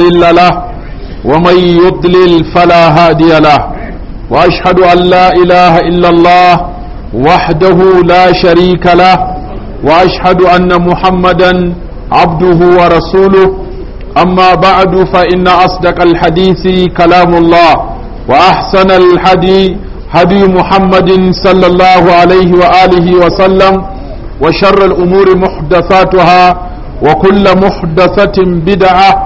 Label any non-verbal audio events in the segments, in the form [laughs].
مضل له ومن يضلل فلا هادي له واشهد ان لا اله الا الله وحده لا شريك له واشهد ان محمدا عبده ورسوله اما بعد فان اصدق الحديث كلام الله واحسن الحدي هدي محمد صلى الله عليه واله وسلم وشر الامور محدثاتها وكل محدثه بدعه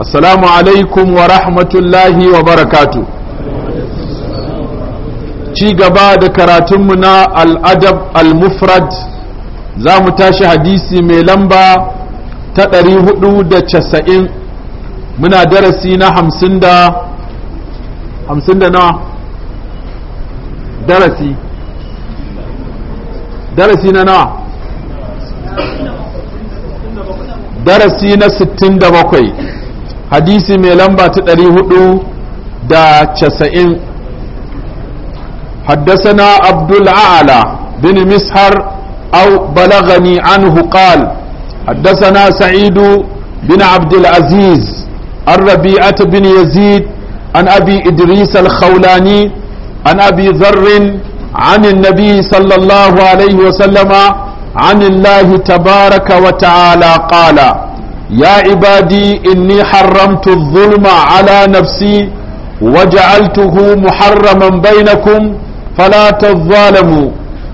Asalamu alaikum wa rahmatullahi wa barakatu ci gaba da karatunmu na al'adab al-mufrad za mu tashi hadisi mai lamba ta 490 muna darasi na 50 da 50 na darasi darasi na darasi na hadisi mai lamba ta ɗari hudu da casa'in haddasana abdul a'ala bin mishar au balagani an qal haddasana sa'idu bin abdul aziz bin yazid an abi idris إدريس الخولاني عن أبي ذر عن النبي صلى الله عليه وسلم عن الله تبارك وتعالى قال يا عبادي إني حرمت الظلم على نفسي وجعلته محرما بينكم فلا تظالموا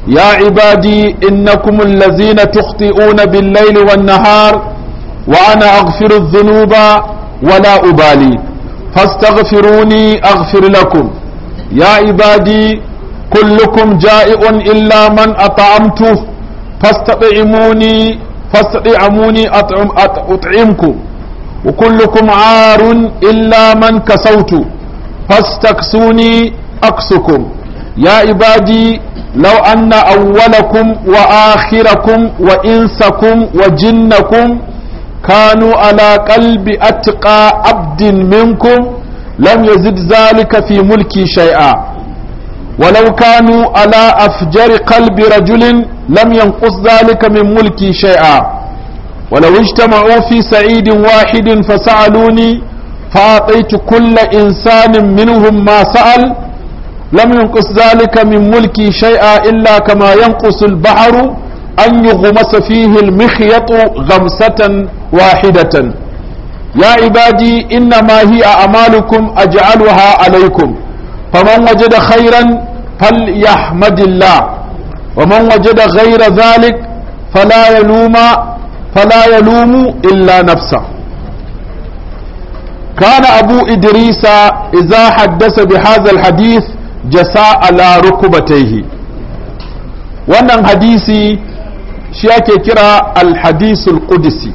يا عبادي إنكم الذين تخطئون بالليل والنهار وأنا أغفر الذنوب ولا أبالي فاستغفروني أغفر لكم يا عبادي كلكم جائع إلا من أطعمته فاستطعموني فاستطعموني أطعم أطعمكم وكلكم عار إلا من كسوت فاستكسوني أكسكم يا عبادي لو أن أولكم وآخركم وإنسكم وجنكم كانوا على قلب أتقى عبد منكم لم يزد ذلك في ملكي شيئا ولو كانوا على أفجر قلب رجل لم ينقص ذلك من ملكي شيئا ولو اجتمعوا في سعيد واحد فسألوني فأعطيت كل إنسان منهم ما سأل لم ينقص ذلك من ملكي شيئا إلا كما ينقص البحر أن يغمس فيه المخيط غمسة واحدة يا عبادي إنما هي أعمالكم أجعلها عليكم فمن وجد خيرا فليحمد الله ومن وجد غير ذلك فلا يلوم فلا يلوم إلا نفسه كان أبو إدريس إذا حدث بهذا الحديث جساء على ركبتيه wannan hadisi shi ake kira alhadisul qudsi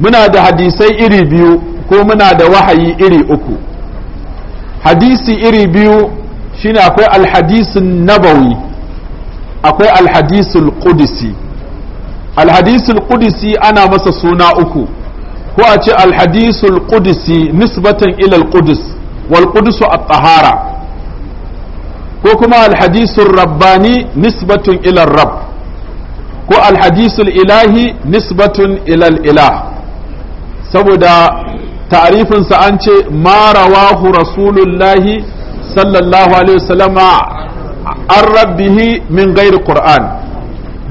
muna da hadisai iri biyu ko muna da wahayi iri uku hadisi iri biyu shine akwai alhadisun nabawi akwai alhadisul qudsi alhadisul qudsi ana masa suna uku ko a ce alhadisul qudsi nisbatan ila alqudus wal qudusu at-tahara ko kuma alhadisul rabbani nisbatun ila rabb ko alhadisul ilahi nisbatun ila ilah saboda ta'rifinsa an ce marawahu rawahu rasulullahi sallallahu alaihi wasallama an rabbihi min gairi qur'an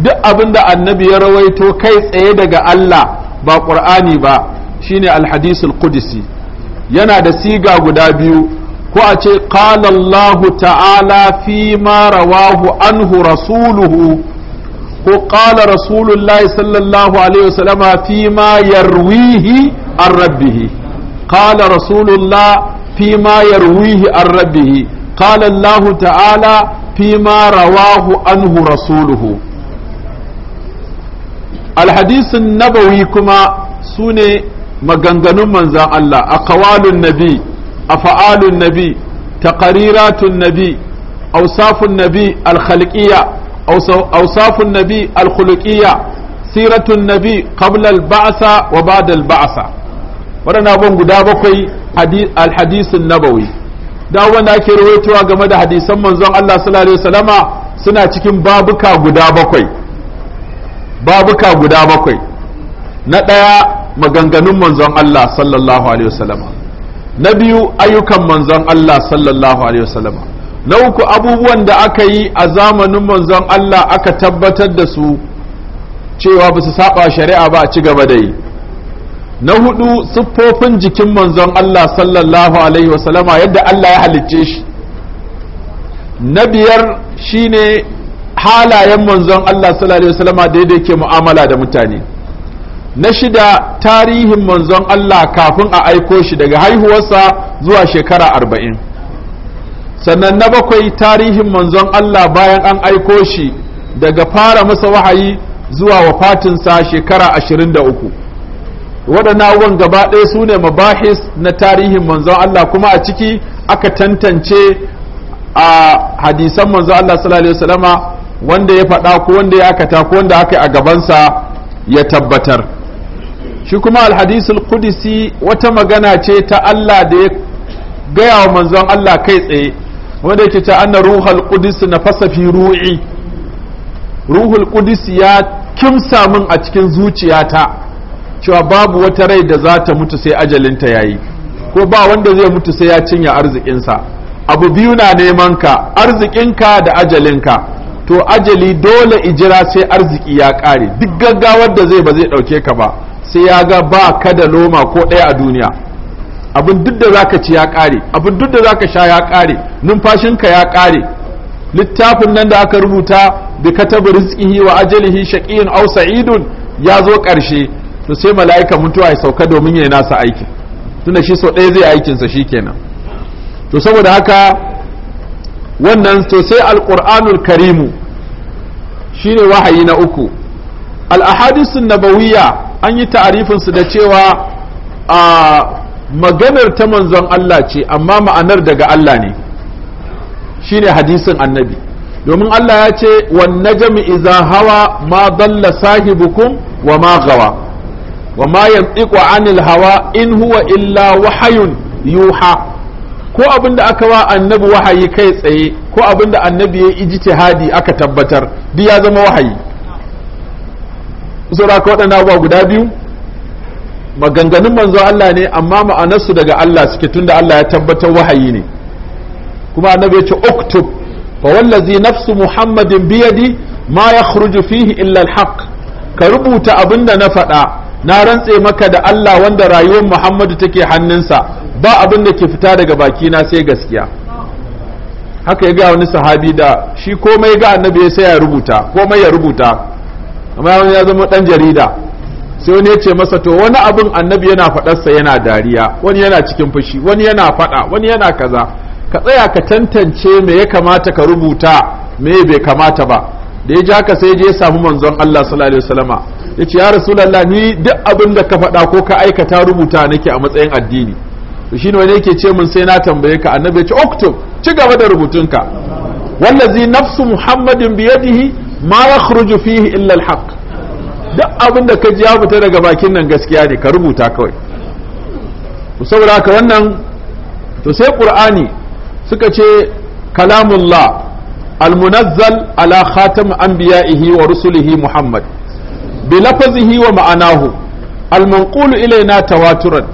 duk abin da annabi ya rawaito kai tsaye daga Allah ba ƙur'ani ba shine alhadisul qudsi yana da siga guda biyu ko a ce qala Allah ta'ala fi ma rawahu anhu rasuluhu ko qala rasulullahi sallallahu alaihi wasallama fi ma yarwihi an rabbihi qala rasulullah fi ma yarwihi an rabbih qala allah ta'ala fi ma rawahu anhu rasuluhu alhadisin nabawi kuma sune maganganun manzan Allah a aqwalun nabi afa'alun nabi taqariratun nabi awsafun nabi alkhalqiyya awsafun nabi alkhuluqiyya siratun nabi qabla ba'asa, wa ba'da alba'sa waɗannan abubuwan guda bakwai alhadisin nabawi da wanda ake rawaitowa game da hadisan manzon Allah sallallahu alaihi suna cikin babuka guda bakwai babuka guda bakwai na ɗaya maganganun manzon Allah sallallahu alaihi wasallama na biyu ayyukan manzon Allah sallallahu alaihi wasallama na uku abubuwan da aka yi a zamanin manzon Allah aka tabbatar da su cewa ba su saba shari'a ba a ci gaba da yi na hudu siffofin jikin manzon Allah sallallahu alaihi wasallama yadda Allah ya halicce shi na biyar shine halayen manzon Allah sallallahu alaihi wasallama da yadda ke mu'amala da mutane na shida tarihin manzon Allah kafin a aiko shi daga haihuwarsa zuwa shekara arba'in sannan na bakwai tarihin manzon Allah bayan an aiko shi daga fara masa wahayi zuwa wafatinsa shekara ashirin da uku waɗannan abubuwan gaba ɗaya su ne mabahis na tarihin manzon Allah kuma a ciki aka tantance a hadisan manzon Allah sallallahu alaihi wasallama wanda ya faɗa ko wanda ya akata ko wanda aka yi a gabansa ya tabbatar shi kuma alhadisul qudsi wata magana ce ta Allah da ya gaya wa manzon Allah kai tsaye wanda yake ta anna ruhul kudisi na fi ru'i ruhul qudus ya kimsa min a cikin zuciyata cewa babu wata rai da za ta mutu sai ajalinta yayi ko ba wanda zai mutu sai ya cinye arzikinsa abu biyu na neman ka arzikinka da ajalinka to ajali dole ijira sai arziki ya kare duk gaggawar da zai ba zai dauke ka ba sai ya ga ba ka da loma ko ɗaya a duniya abin duk da zaka ci ya kare abin duk da zaka sha ya kare numfashinka ya kare littafin nan da aka rubuta bi katabi rizqihi wa ajalihi shaqiyun aw sa'idun ya zo ƙarshe to sai mala'ika mutuwa ya sauka domin ya nasa aikin tunda shi sau ɗaya zai aikinsa shi kenan to saboda haka wannan to sai alƙur'anul karimu shine wahayi na uku al'ahadisun nabawiyya an yi ta'arifinsu da cewa a maganar ta manzon Allah ce amma ma'anar daga Allah ne Shi ne hadisin annabi domin Allah ya ce wannan jami'i iza hawa ma dalla sahibukum wa ma gawa wa ma yantiqu anil hawa in huwa illa wahayun yuha ko abin da aka wa annabi wahayi kai tsaye ko abin da annabi ya ijtihadi aka tabbatar duk ya zama wahayi saboda ka waɗannan abubuwa guda biyu maganganun manzo Allah ne amma ma'anarsu daga Allah suke tunda Allah ya tabbatar wahayi ne kuma annabi ya ce uktub fa wallazi nafsu muhammadin biyadi ma yakhruju fihi illa alhaq ka rubuta abinda na faɗa na rantse maka da Allah wanda rayuwar Muhammadu take hannunsa ba abin da ke fita daga baki na sai gaskiya haka ya ga wani sahabi da shi komai ga annabi ya sai ya rubuta komai ya rubuta amma wani ya zama dan jarida sai wani ya ce masa to wani abin annabi yana faɗarsa yana dariya wani yana cikin fushi wani yana faɗa wani yana kaza ka tsaya ka tantance me ya kamata ka rubuta me bai kamata ba da ya ja ka sai je samu manzon Allah sallallahu alaihi wasallama ya ce ya rasulallah ni duk abin da ka faɗa ko ka aikata rubuta nake a matsayin addini to shine wani yake ce mun sai na tambaye ka annabi ya ce oktob ci gaba da rubutunka wallazi nafsu muhammadin biyadihi ma yakhruju fihi illa alhaq duk abin da ka ji ya fita daga bakin nan gaskiya ne ka rubuta kawai saboda haka wannan to sai qur'ani suka ce kalamullah almunazzal ala khatam anbiya'ihi wa rusulihi muhammad bi lafazihi wa ma'anahu al-manqulu ilaina tawaturan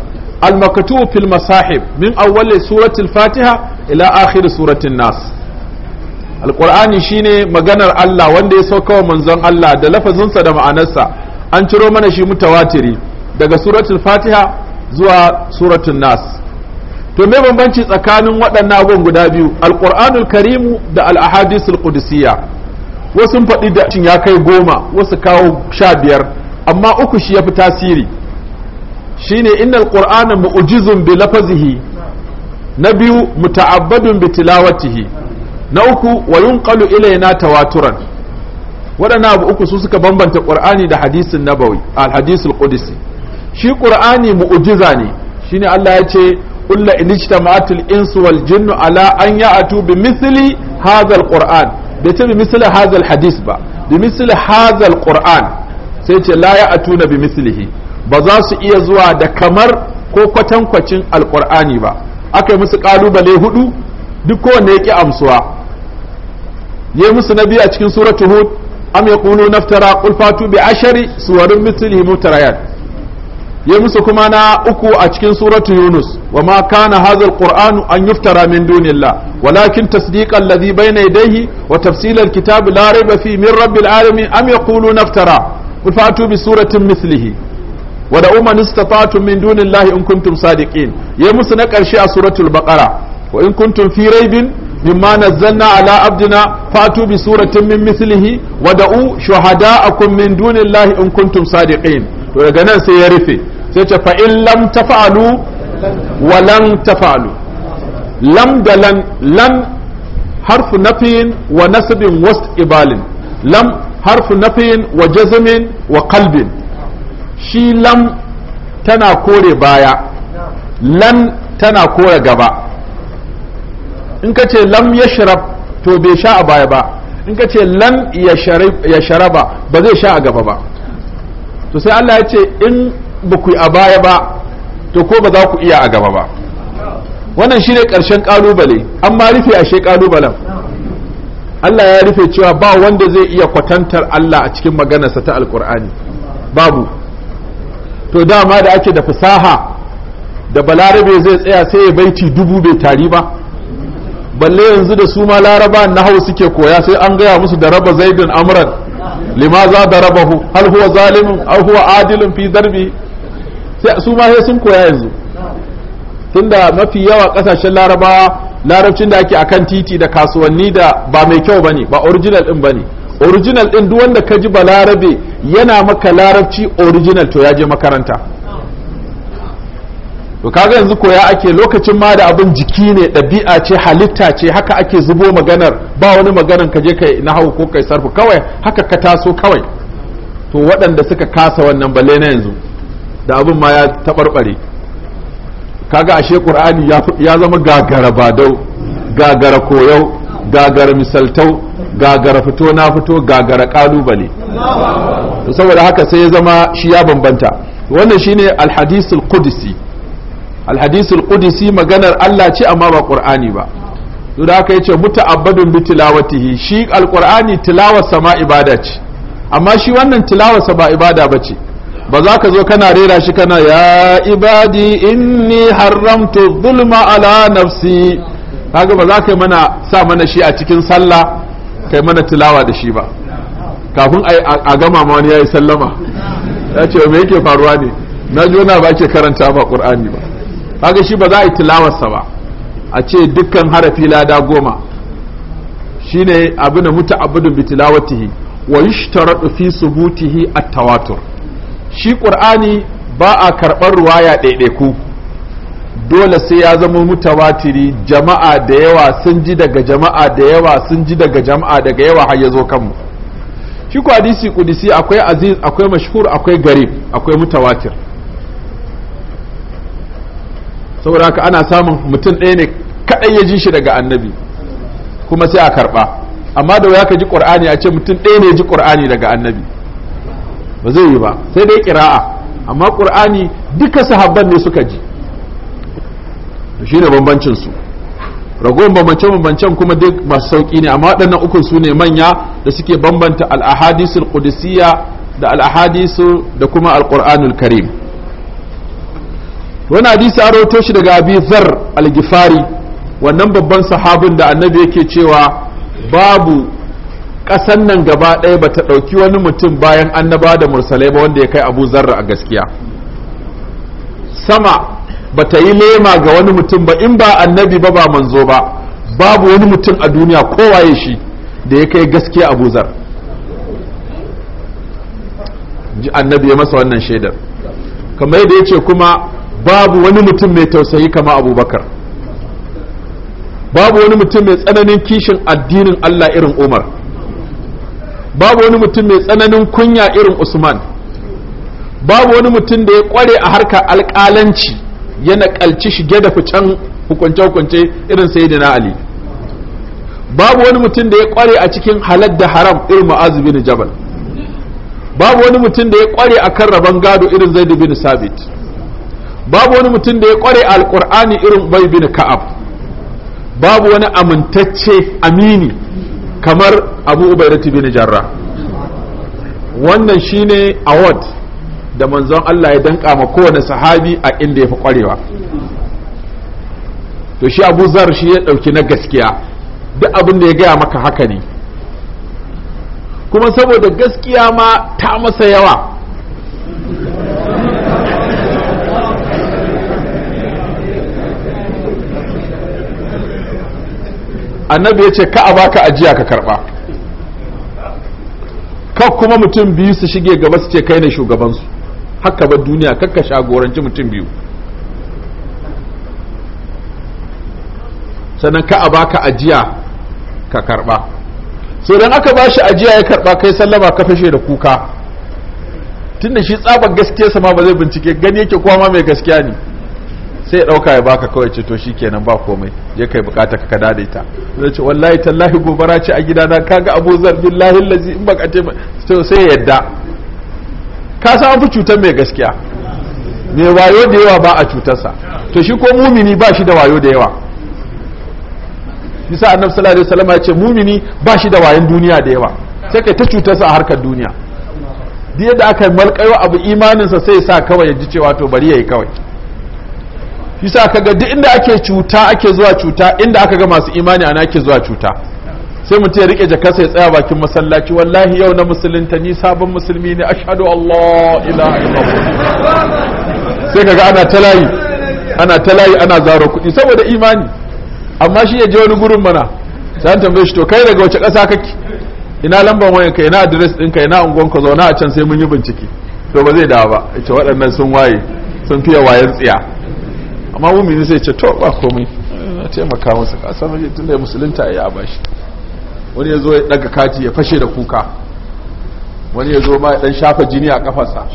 al-maktub fil masahib min awwal surati al-fatiha ila akhiri surati an-nas al-qur'ani shine maganar Allah wanda ya sauka wa manzon Allah da lafazinsa da ma'anarsa an ciro mana shi mu tawatiri daga suratul fatiha zuwa suratun nas to me bambanci tsakanin waɗannan abubuwan guda biyu alqur'anul karimu da al-ahadisul qudusiyya wasu faɗi da cin ya kai goma wasu kawo sha biyar amma uku shi ya fi tasiri shi shine innal qur'ana mu'jizun bi lafazihi na biyu muta'abbadun bi tilawatihi na uku wa yunqalu ilaina tawaturan waɗannan abu uku su suka bambanta qur'ani da hadisin nabawi al hadisul qudsi shi qur'ani mu'jiza ne shine Allah ya ce qul la insu wal jinnu ala an ya'tu bi mithli hadha al qur'an bai ce bi misali hazal hadis ba bi misali hazal qur'an sai ce la ya atuna bi mislihi ba za su iya zuwa da kamar ko kwatan kwacin alqur'ani ba aka yi musu kalubale hudu duk kowanne yake amsuwa yayi musu nabi a cikin suratu hud am yaqulu naftara qul fatu bi ashari suwarin mislihi mutarayat ya musu kuma na uku a cikin suratu yunus wa ma kana hadha alqur'anu an yuftara min dunillah walakin tasdiqa alladhi bayna yadayhi wa tafsila alkitab la rayba fi min rabbil alamin am yaquluna iftara fa'tu bi suratin mithlihi wa da'u man istata'tum min dunillahi in kuntum sadiqin ya musu na karshe a suratul baqara wa in kuntum fi raybin مما نزلنا على عبدنا فاتوا بسورة من مثله ودعوا in من دون to daga nan sai ya rufe. sai ce fa'in lam tafa'alu wa lam tafa'alu lam da lan lan harfu nafiyin wa nasibin wast ibalin lam harfu nafiyin wa jazumin wa kalbin shi lam tana kore baya lan tana kore gaba in ka ce lam ya shirab to bai sha a baya ba in ka ce lan ya sharaba ba zai sha a gaba ba to sai Allah ya ce in ba ku yi a baya ba to ko ba za ku iya a gaba ba wannan shine karshen kalubale amma rufe ashe ƙalubalen Allah ya rufe cewa ba wanda zai iya kwatantar Allah a cikin maganarsa ta alkur'ani babu to dama da ake da fasaha da balarabe zai tsaya sai ya baiti dubu bai tari ba balle yanzu da su ma laraba na hau suke koya sai an gaya musu da raba Zaidun amran za da raba hal huwa zalimin aw huwa adilun fi zarbi. su ma sai sun koya yanzu tunda mafi yawa kasashen larabawa larabcin da ake akan titi da kasuwanni da ba mai kyau bane ba original din bane original din duk wanda ka ji ba larabe yana maka larabci original to ya je makaranta to kaga yanzu koya ake lokacin ma da abin jiki ne ɗabi'a ce halitta ce haka ake zubo maganar ba wani maganar ka je kai hau ko kai sarfu kawai haka ka taso kawai to waɗanda suka kasa wannan balle na yanzu da abin ma ya taɓarɓare kaga ashe ƙur'ani ya zama gagara badau gagara koyau gagara misaltau gagara fito na fito gagara ƙalubale saboda haka sai ya zama shi ya bambanta wannan shine alhadisul qudsi alhadisul qudsi maganar Allah ce amma ba ƙur'ani ba to da haka yace muta'abbadun bi tilawatihi shi alqur'ani tilawarsa ma ibada ce amma shi wannan tilawarsa ba ibada bace ba za ka zo kana rera shi kana ya ibadi inni haramtu zulma ala nafsi kaga ba za ka mana sa mana shi a cikin sallah kai mana tilawa da shi ba kafin a gama ma wani yayi sallama ya ce me yake faruwa ne na ji wani ba ke karanta ba qur'ani ba kaga shi ba za a yi tilawarsa ba a ce dukkan harafi lada goma shine abin da muta abudun bitilawatihi wa yushtaratu fi subutihi at-tawatur shi ƙur'ani ba a karɓar ruwaya ɗaiɗaiku dole sai ya zama mutawatiri jama'a da yawa sun ji daga jama'a da yawa sun ji daga jama'a daga yawa har ya zo kanmu shi ku hadisi kudisi akwai aziz akwai mashhur akwai garib akwai mutawatir saboda haka ana samun mutum ɗaya ne kaɗai ya ji shi daga annabi kuma sai a karɓa amma da waya ka ji ƙur'ani a ce mutum ɗaya ne ya ji ƙur'ani daga annabi ba zai yi ba sai dai kira'a amma ƙur'ani duka sahabban ne suka ji shi ne bambancin su ragowar bambance bambancen kuma duk masu sauƙi ne amma waɗannan uku su ne manya da suke bambanta al'ahadisul ahadisul da al da kuma alƙur'anul karim wani hadisi a rawaito shi daga abi zar al-gifari wannan babban sahabin da annabi yake cewa babu ƙasan nan gaba ɗaya ba ta ɗauki wani mutum bayan annaba da mursalai ba wanda ya kai abu zarra a gaskiya sama ba ta yi lema ga wani mutum ba in ba annabi ba ba manzo ba babu wani mutum a duniya kowaye shi da ya kai gaskiya abu zar annabi ya masa wannan shaidar kamar yadda ya ce kuma babu wani mutum mai tausayi kama abubakar babu wani mutum mai tsananin kishin addinin allah irin umar babu wani mutum mai tsananin kunya irin usman babu wani mutum da ya kware a harkar alkalanci ya naƙalci shige da fican hukunce-hukunce irin sayyidina ali babu wani mutum da ya kware a cikin halar da haram irin Ma'azu bin jabal babu wani mutum da ya kware a kan rabon gado irin zaid bin sabit babu wani mutum da ya kware a alƙur'ani irin bai bin ka'ab babu wani amintacce amini kamar abu ubaidatu bin jarra wannan shine award da manzon Allah ya danka ma kowane sahabi a inda ya fi kwarewa to shi abu zar shi ya ɗauki na gaskiya duk abin da ya gaya maka haka ne kuma saboda gaskiya ma ta masa yawa annabi ya ce ka a baka ajiya ka karba ka kuma mutum biyu su shige gaba su ce kai ne shugabansu haka ba duniya kakka shagoranci mutum biyu sannan ka a baka ajiya ka karba so dan aka bashi ajiya ya karba kai sallama ka fashe da kuka tunda shi tsabar gaskiyarsa ma ba zai bincike gani yake kwama mai gaskiya ne sai ya dauka ya baka kawai ce to shikenan ba komai je kai bukata ka kada da ita zai ce wallahi tallahi gobara ce a gidana kaga Abu zan billahi lazi in baka ce to sai ya yadda ka san an fi cutar mai gaskiya mai wayo da yawa ba a cutarsa to shi ko mumini ba shi da wayo da yawa bisa annabi sallallahu alaihi wasallam ya ce mumini ba shi da wayan duniya da yawa sai kai ta cutarsa a harkar duniya duk yadda aka malkayo abu imaninsa sai sa kawai ya ji cewa to bari yayi kawai ka ga duk inda ake cuta ake zuwa cuta inda aka ga masu imani ana ake zuwa cuta sai mutum ya rike jaka ya tsaya bakin masallaci wallahi yau na musulunta ni sabon musulmi ne ashhadu allah ilaha illallah sai kaga ana talayi ana talayi ana zaro kuɗi saboda imani amma shi ya je wani gurin mana sai an tambaye shi to kai daga wace ƙasa kake ina lambar wayanka ina din ɗinka ina unguwanka zauna a can sai mun yi bincike to ba zai dawo ba ita waɗannan sun waye sun fiye wayar tsiya amma mumini zai ce to ba komai na taimaka masa kasar waje tun da musulunta ya bashi wani ya zo ya daga kati ya fashe da kuka wani ya zo ma ya dan shafa jini a kafarsa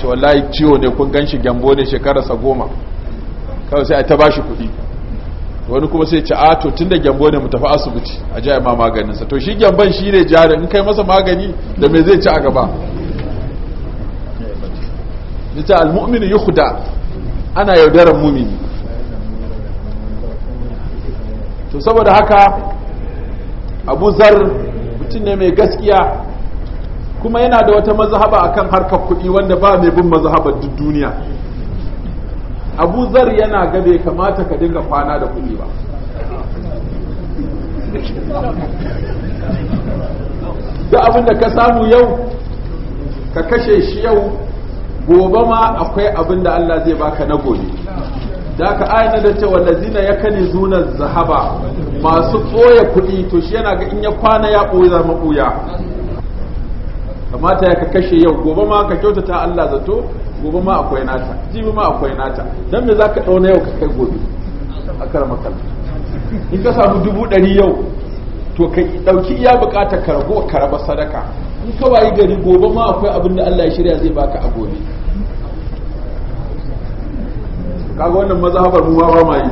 to wallahi ciwo ne kun ganshi gyambo ne shekararsa goma kawai sai a ta bashi kuɗi wani kuma sai ce a to tun da gyambo ne mu tafi asibiti a ji ma maganinsa to shi gyamban shi ne jari in kai masa magani da me zai ci a gaba ita al-mu'min yukhda ana yaudarar mumini to saboda haka abu zar mutum ne mai gaskiya kuma yana da wata a kan harkar kuɗi wanda ba mai bin mazhabar duk duniya abu zar yana ga bai kamata ka dinga kwana da kuɗi ba da abinda ka samu yau ka kashe shi yau gobe ma akwai abin da Allah zai baka na gobe da ka ayyana da cewa lazina ya kani zuna zahaba masu ɓoye kuɗi to shi yana ga in ya kwana ya ɓoye zama ɓuya kamata ya ka kashe yau gobe ma ka kyautata Allah zato gobe ma akwai nata jibi ma akwai nata dan me za ka ɗauna yau ka kai gobe a karamakal in ka samu dubu ɗari yau to ka ɗauki iya buƙatar karbo karaba sadaka in wayi gari gobe ma akwai abin da Allah ya shirya zai baka a gobe kaga wannan mazhabar mu ba ma yi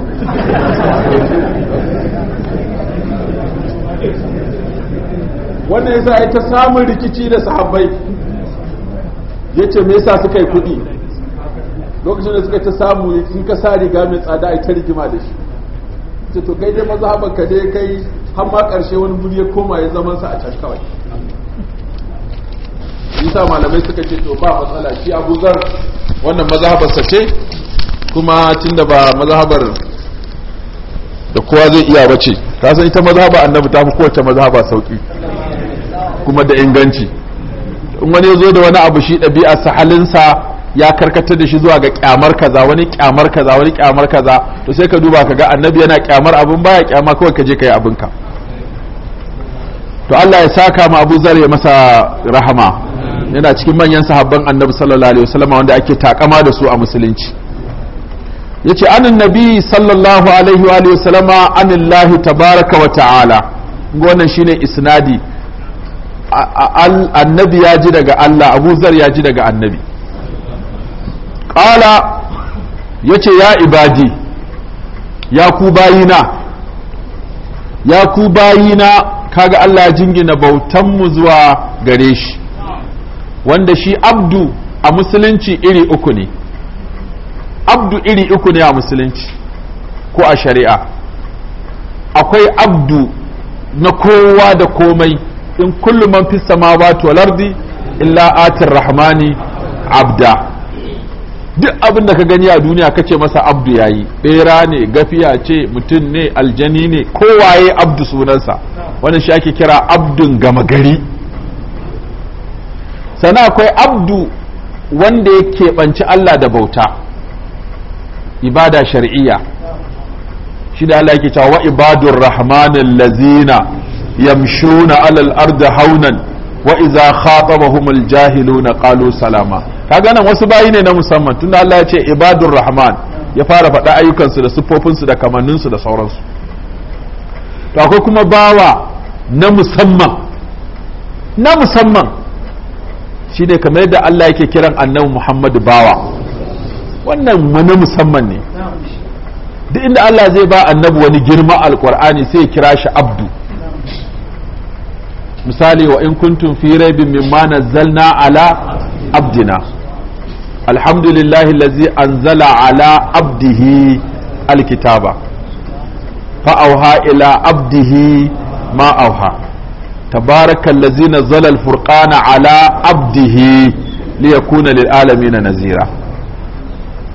wannan yasa ya ta samun rikici da sahabbai yace me yasa suka yi kuɗi lokacin da suka ta samu in ka sa riga mai tsada ai ta rigima da shi ce to kai dai mazhabar ka dai kai har ma ƙarshe wani buri ya koma ya zaman sa a can kawai yasa malamai suka ce to ba matsala shi abu zar wannan sa ce kuma tunda ba mazhabar da kowa zai iya bace ka san ita mazhaba annabi ta fi kowace mazhaba sauki kuma da inganci in wani ya zo da wani abu shi ɗabi'arsa halinsa ya karkatar da shi zuwa ga kyamar kaza wani kyamar kaza wani kyamar kaza to sai ka duba ka ga annabi yana kyamar abin baya kyama kawai ka je ka yi abinka to Allah ya saka ma Abu Zar ya masa rahama yana cikin manyan sahabban annabi sallallahu alaihi wasallam wanda ake takama da su a musulunci yace anan nabi sallallahu alaihi wa wasallam anillahi tabaaraka wa ta'ala wannan shine isnadi annabi ya ji daga Allah Abu Zar ya ji daga annabi qala yace ya ibadi ya ku bayina ya ku bayina kaga Allah ya jingina bautanmu zuwa gare shi wanda shi abdu a musulunci iri uku ne abdu iri uku ne a musulunci ko a shari'a akwai abdu na kowa da komai in kullum man fi samawati wal ardi illa atir rahmani abda duk abin da ka gani a duniya kace masa abdu yayi bera ne gafiya ce mutum ne aljani ne kowaye abdu sunansa wannan shi ake kira abdun gama gari sana akwai abdu wanda ya keɓanci Allah da bauta ibada shari'iyya shi da Allah yake cewa wa ibadur rahmanin lazina yamshuna alal arda haunan wa iza khatabahumul jahiluna qalu salama kaga nan wasu bayi ne na musamman tunda Allah ya ce ibadur rahman ya fara faɗa ayyukansu da siffofinsu da kamanninsu da sauransu to akwai kuma bawa na musamman na musamman shine kamar yadda Allah yake kiran annabi Muhammadu bawa wannan wani musamman ne duk inda Allah zai ba annabi wani girma alkur'ani sai ya kira shi abdu misali wa in kuntum fi raibin mimma nazzalna ala abdina alhamdulillahi allazi anzala ala abdihi alkitaba fa auha ila abdihi ma auha tabarakallazi nazzala al-furqana ala abdihi liyakuna lil alamin nazira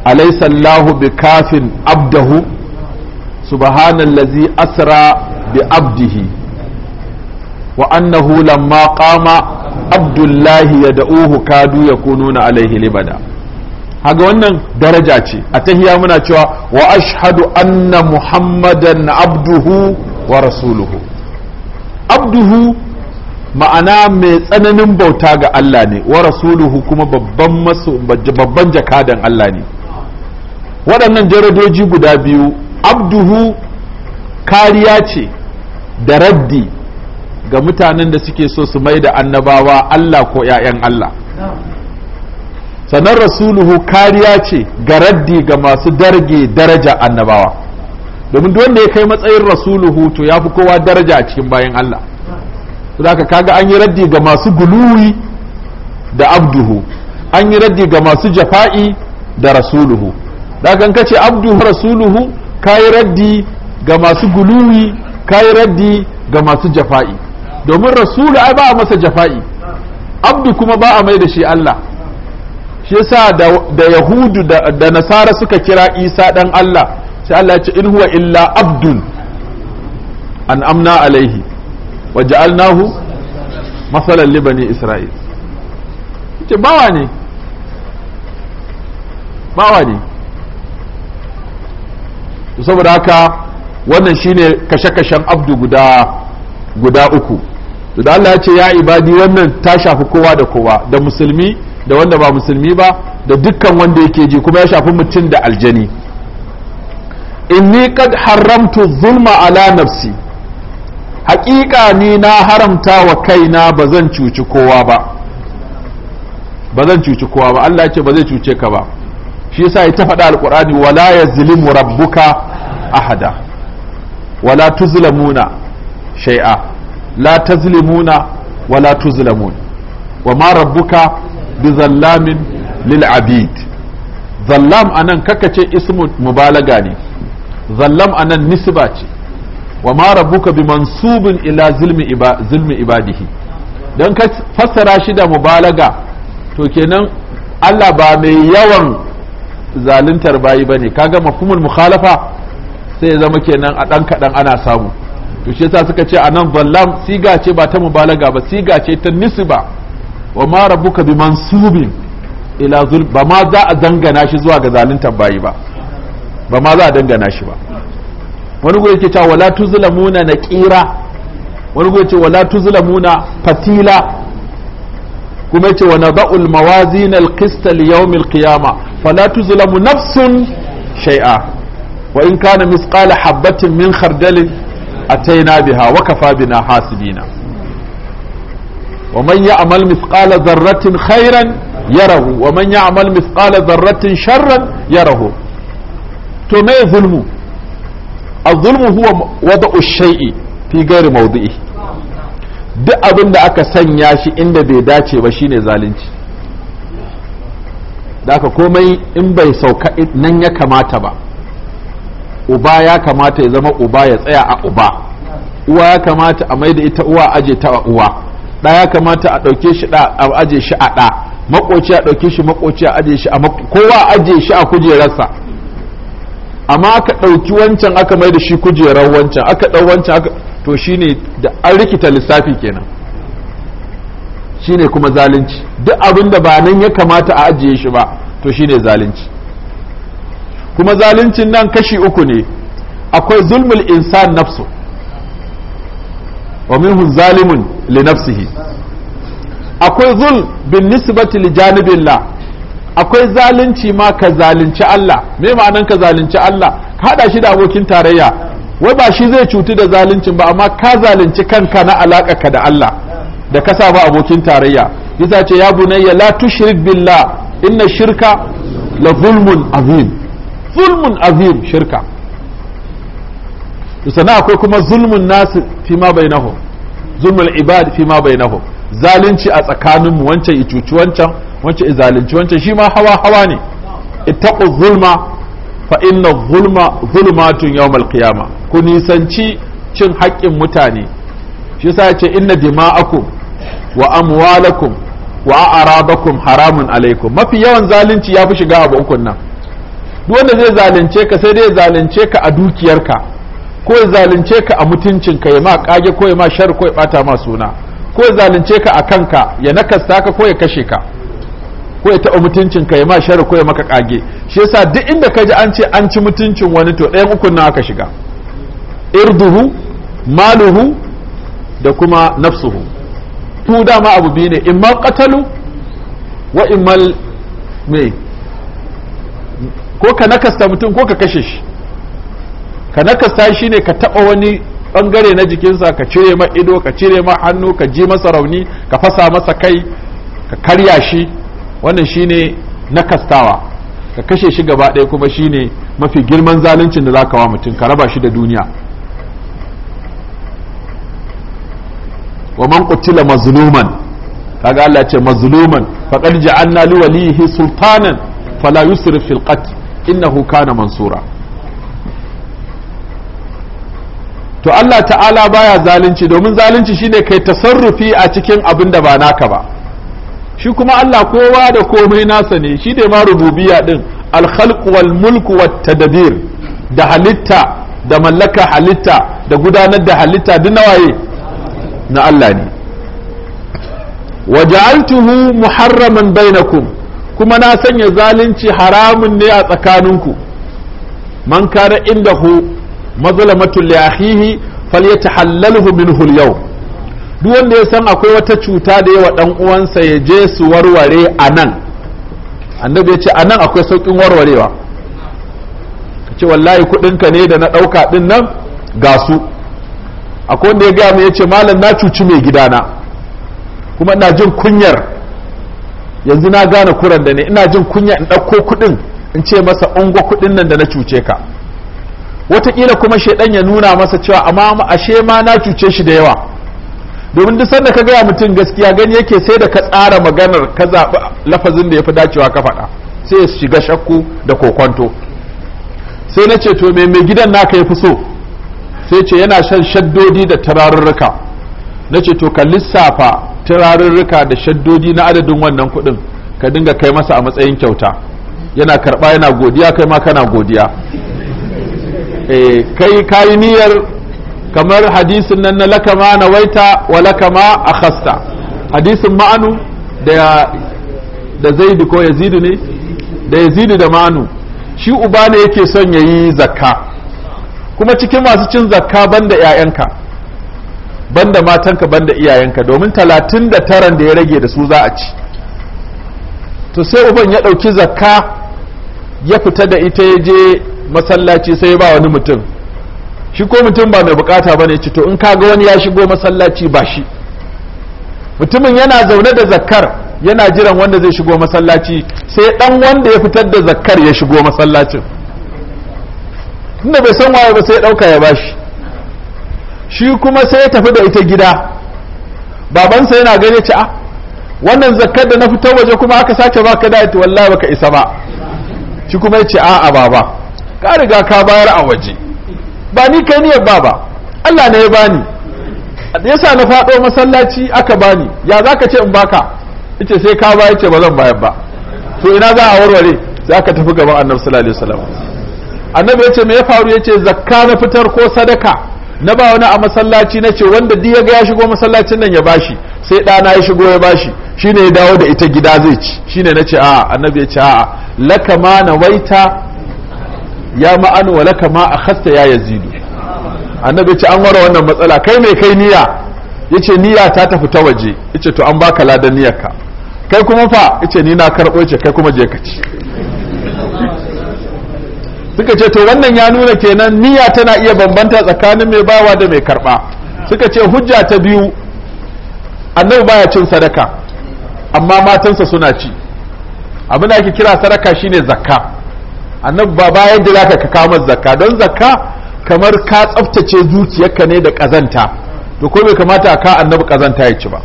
alaysa allahu bikafin abdahu subhanallazi asra bi abdihi wa annahu lamma qama abdullahi yad'uhu kadu yakununa alaihi libada haga wannan daraja ce a tahiya muna cewa wa ashhadu anna muhammadan abduhu wa rasuluhu abduhu ma'ana mai tsananin bauta ga Allah ne wa rasuluhu kuma babban masu babban jakadan Allah ne waɗannan jaradoji guda biyu abduhu kariya ce da raddi ga mutanen da suke so su mai da annabawa Allah ko 'ya'yan Allah sannan rasuluhu kariya ce ga raddi ga masu darge daraja annabawa domin duk wanda ya kai matsayin rasuluhu to ya fi kowa daraja a cikin bayan Allah saboda kaga an yi raddi ga masu guluwi da abduhu an yi raddi ga masu jafa'i da rasuluhu da kan kace abduhu rasuluhu kayi raddi ga masu guluwi kayi raddi ga masu jafa'i domin rasulu ai ba a masa jafa'i abdu kuma ba a mai da shi Allah shi yasa da yahudu da nasara suka kira isa dan Allah sai Allah ya ce in huwa illa abdun an amna alaihi waja'alnahu masalan li bani isra'il yace bawa ne bawa ne saboda haka wannan shine kashe-kashen abdu guda guda uku to da Allah ya ce ya ibadi wannan ta shafi kowa da kowa da musulmi da wanda ba musulmi ba da dukkan wanda yake ji kuma ya shafi mutum da aljani inni qad haramtu zulma ala nafsi haƙiƙa ni na haramta wa kaina ba zan cuci kowa ba ba zan cuci kowa ba Allah ya ce ba zai cuce ka ba shi yasa ya ta faɗa alƙur'ani wala yazlimu rabbuka ahada wala tuzlamuna shay'a la tazlimuna wala tuzlamun wa ma rabbuka bizallamin lil abid zallam anan kaka ce ismu mubalaga ne zallam anan nisba ce wa ma rabbuka bi mansubin ila zulmi ibadihi don ka fassara shi da mubalaga to kenan Allah ba mai yawan zaluntar bayi bane kaga mafhumul mukhalafa sai ya zama kenan a dan kadan ana samu to shi yasa suka ce anan zallam siga ce ba ta mubalaga ba siga ce ta nisba wa ma rabbuka bi mansubin ila zulm ba ma za a dangana shi zuwa ga zaluntar bayi ba ba ma za a dangana shi ba wani gure yake cewa wala na Kira. wani gure yake wala Muna fatila kuma ce wa naba'ul mawazin al-qist li yawm al fala nafsun shai'a. wa in kana misqala habatin min khardalin ataina biha wa kafa bina hasibina ومن يعمل مثقال ذرة خيرا يره ya يعمل مثقال ذرة شرا يره to me zulmu الظلم zulmu huwa الشيء في غير موضعه duk abin da aka sanya shi inda bai dace ba shine zalunci da aka komai in bai sauka nan ya kamata ba uba ya kamata ya zama uba ya tsaya a uba uwa ya kamata a maida ita uwa aje ta a uwa ɗa ya kamata a ɗauke shi ɗa a aje shi a ɗa makoci a ɗauke shi makoci a aje shi a kowa aje shi a kujerarsa amma aka ɗauki wancan aka mai da shi kujerar wancan aka ɗau wancan aka to ne da an rikita lissafi kenan shi ne kuma zalunci duk abin da ba nan ya kamata a ajiye shi ba to shi ne zalunci kuma zaluncin nan kashi uku ne akwai zulmul insan nafsu wa minhu zalimun li nafsihi akwai zul bin nisbati li janibillah akwai zalunci ma ka zalunci Allah me ma'anan ka zalunci Allah ka hada shi da abokin tarayya wai ba shi zai cuti da zaluncin ba amma ka zalunci kanka na alaka ka da Allah da ka saba abokin tarayya yasa ce ya bunayya la tushrik billah inna shirka la zulmun azim zulmun azim shirka to sana akwai kuma zulmun nasu fi ma bainahu zulmul ibad fi ma bainahu zalunci a tsakaninmu wancan ya cuci wancan wance izalunci wancan shi ma hawa hawa ne ittaqu zulma fa inna zulma zulmatun yawmal qiyama ku nisanci cin haƙƙin mutane shi yasa yace inna dima'akum wa amwalakum wa a'radakum haramun alaikum mafi yawan zalunci ya fi shiga ba ukun nan duk wanda zai zalunce ka sai dai zalunce ka a dukiyarka ko ya zalunce ka a mutuncin ka ya ma kage ko ya ma shar ko ya bata ma suna ko ya zalunce ka a kanka ya nakasta ka ko ya kashe ka ko ya taɓa mutuncin ka ya ma shari ko ya maka kage shi yasa duk inda ka ji an ce an ci mutuncin wani to ɗayan ukun na aka shiga irduhu maluhu da kuma nafsuhu tu dama abu biyu ne in ma katalu wa imma me ko ka nakasta mutum ko ka kashe shi ka nakasta shi ne ka taɓa wani bangare na jikinsa ka cire ma ido ka cire ma hannu ka ji masa rauni ka fasa masa kai ka karya shi wannan shine nakastawa ka kashe shi gaba ɗaya kuma shine mafi girman zaluncin da zaka wa mutum ka raba shi da duniya wa man qutila mazluman kaga Allah ce mazluman faqad ja'alna li walihi sultanan fala yusrif fil qatl innahu mansura to Allah ta'ala baya zalunci domin zalunci shine kai tasarrufi a cikin abin da ba naka ba shi kuma Allah kowa da komai nasa ne shi ne ma rububiya din wal mulku wat tadbir da halitta da mallaka halitta da gudanar da halitta duk nawaye na Allah ne waja'altuhu muharraman bainakum kuma na sanya zalunci haramun ne a tsakaninku man kana indahu mazlamatun li akhihi falyatahallalhu minhu al-yawm duk wanda ya san akwai wata cuta da yawa dan uwansa ya je su warware a nan annabi ya ce a nan akwai saukin warwarewa ka ce wallahi kuɗinka ne da na ɗauka ɗin nan ga su akwai wanda ya gaya mu ya ce malam na cuci mai gidana kuma ina jin kunyar yanzu na gane kuran da ne ina jin kunya in ɗauko kuɗin in ce masa ungo kuɗin nan da na cuce ka wataƙila kuma shaidan ya nuna masa cewa amma ashe ma na cuce shi da yawa domin duk sanda ka gaya mutum gaskiya gani yake sai da ka tsara maganar ka zaɓi lafazin da ya fi dacewa ka faɗa sai ya shiga shakku da kokwanto sai na ce to me mai gidan naka ya fi so sai ce yana shan shaddodi da turarurruka na ce to ka lissafa turarurruka da shaddodi na adadin wannan kuɗin ka dinga kai masa a matsayin kyauta yana karɓa yana godiya kai ma kana godiya eh, kai kayi niyyar kamar hadisin nan na lakama na waita wa lakama a khasta hadisin ma'anu da zaidu ko yazidu ne da yazidu da ma'anu shi uba ne yake son ya yi zakka kuma cikin masu cin zakka banda 'ya'yanka banda matanka banda iyayenka domin talatin da taran da ya rage da su za a ci to sai uban ya ɗauki zakka ya fita da ita ya je masallaci sai ya ba wani mutum shi ko mutum ba mai bukata ba ne ci to in kaga wani ya shigo masallaci ba shi mutumin yana zaune da zakkar yana jiran wanda zai shigo masallaci sai dan wanda ya fitar da zakkar ya shigo masallacin tunda bai san waye ba sai ɗauka dauka ya bashi shi kuma sai ya tafi da ita gida babansa yana gane ci ah, a wannan zakkar da na fitar waje kuma aka sace baka da ita wallahi baka isa ba shi kuma ya a a'a baba ka riga ka bayar a waje ba ni kai niyar ba ba Allah ne ya bani Ya yasa na faɗo masallaci aka bani ya za ka ce in baka ita sai ka ba yace ba zan bayar ba to ina za a warware sai aka tafi gaban annabi sallallahu alaihi wasallam annabi yace me ya faru yace zakka na fitar ko sadaka na ba wani a masallaci na ce wanda duk ya ga ya shigo masallacin nan ya bashi sai ɗana ya shigo ya bashi shine ya dawo da ita gida zai ci shine na ce a'a annabi ya ce a'a laka ma nawaita ya ma'anu wa laka ma akhasta ya yazidu annabi ce an wara wannan matsala kai mai kai niyya yace niyya ta tafi ta waje yace to an baka ladan niyyarka kai kuma fa yace ni na karbo yace kai kuma je ka ci suka ce to wannan ya nuna kenan niyya tana iya bambanta tsakanin mai bawa da mai karba suka ce hujja ta biyu annabi baya cin sadaka amma matansa suna ci abin da ake kira sadaka shine zakka annabi ba bayan da zaka kawo zakka don zakka kamar ka tsaftace zuciyarka ne da kazanta to ko bai kamata ka annabi kazanta ya ci ba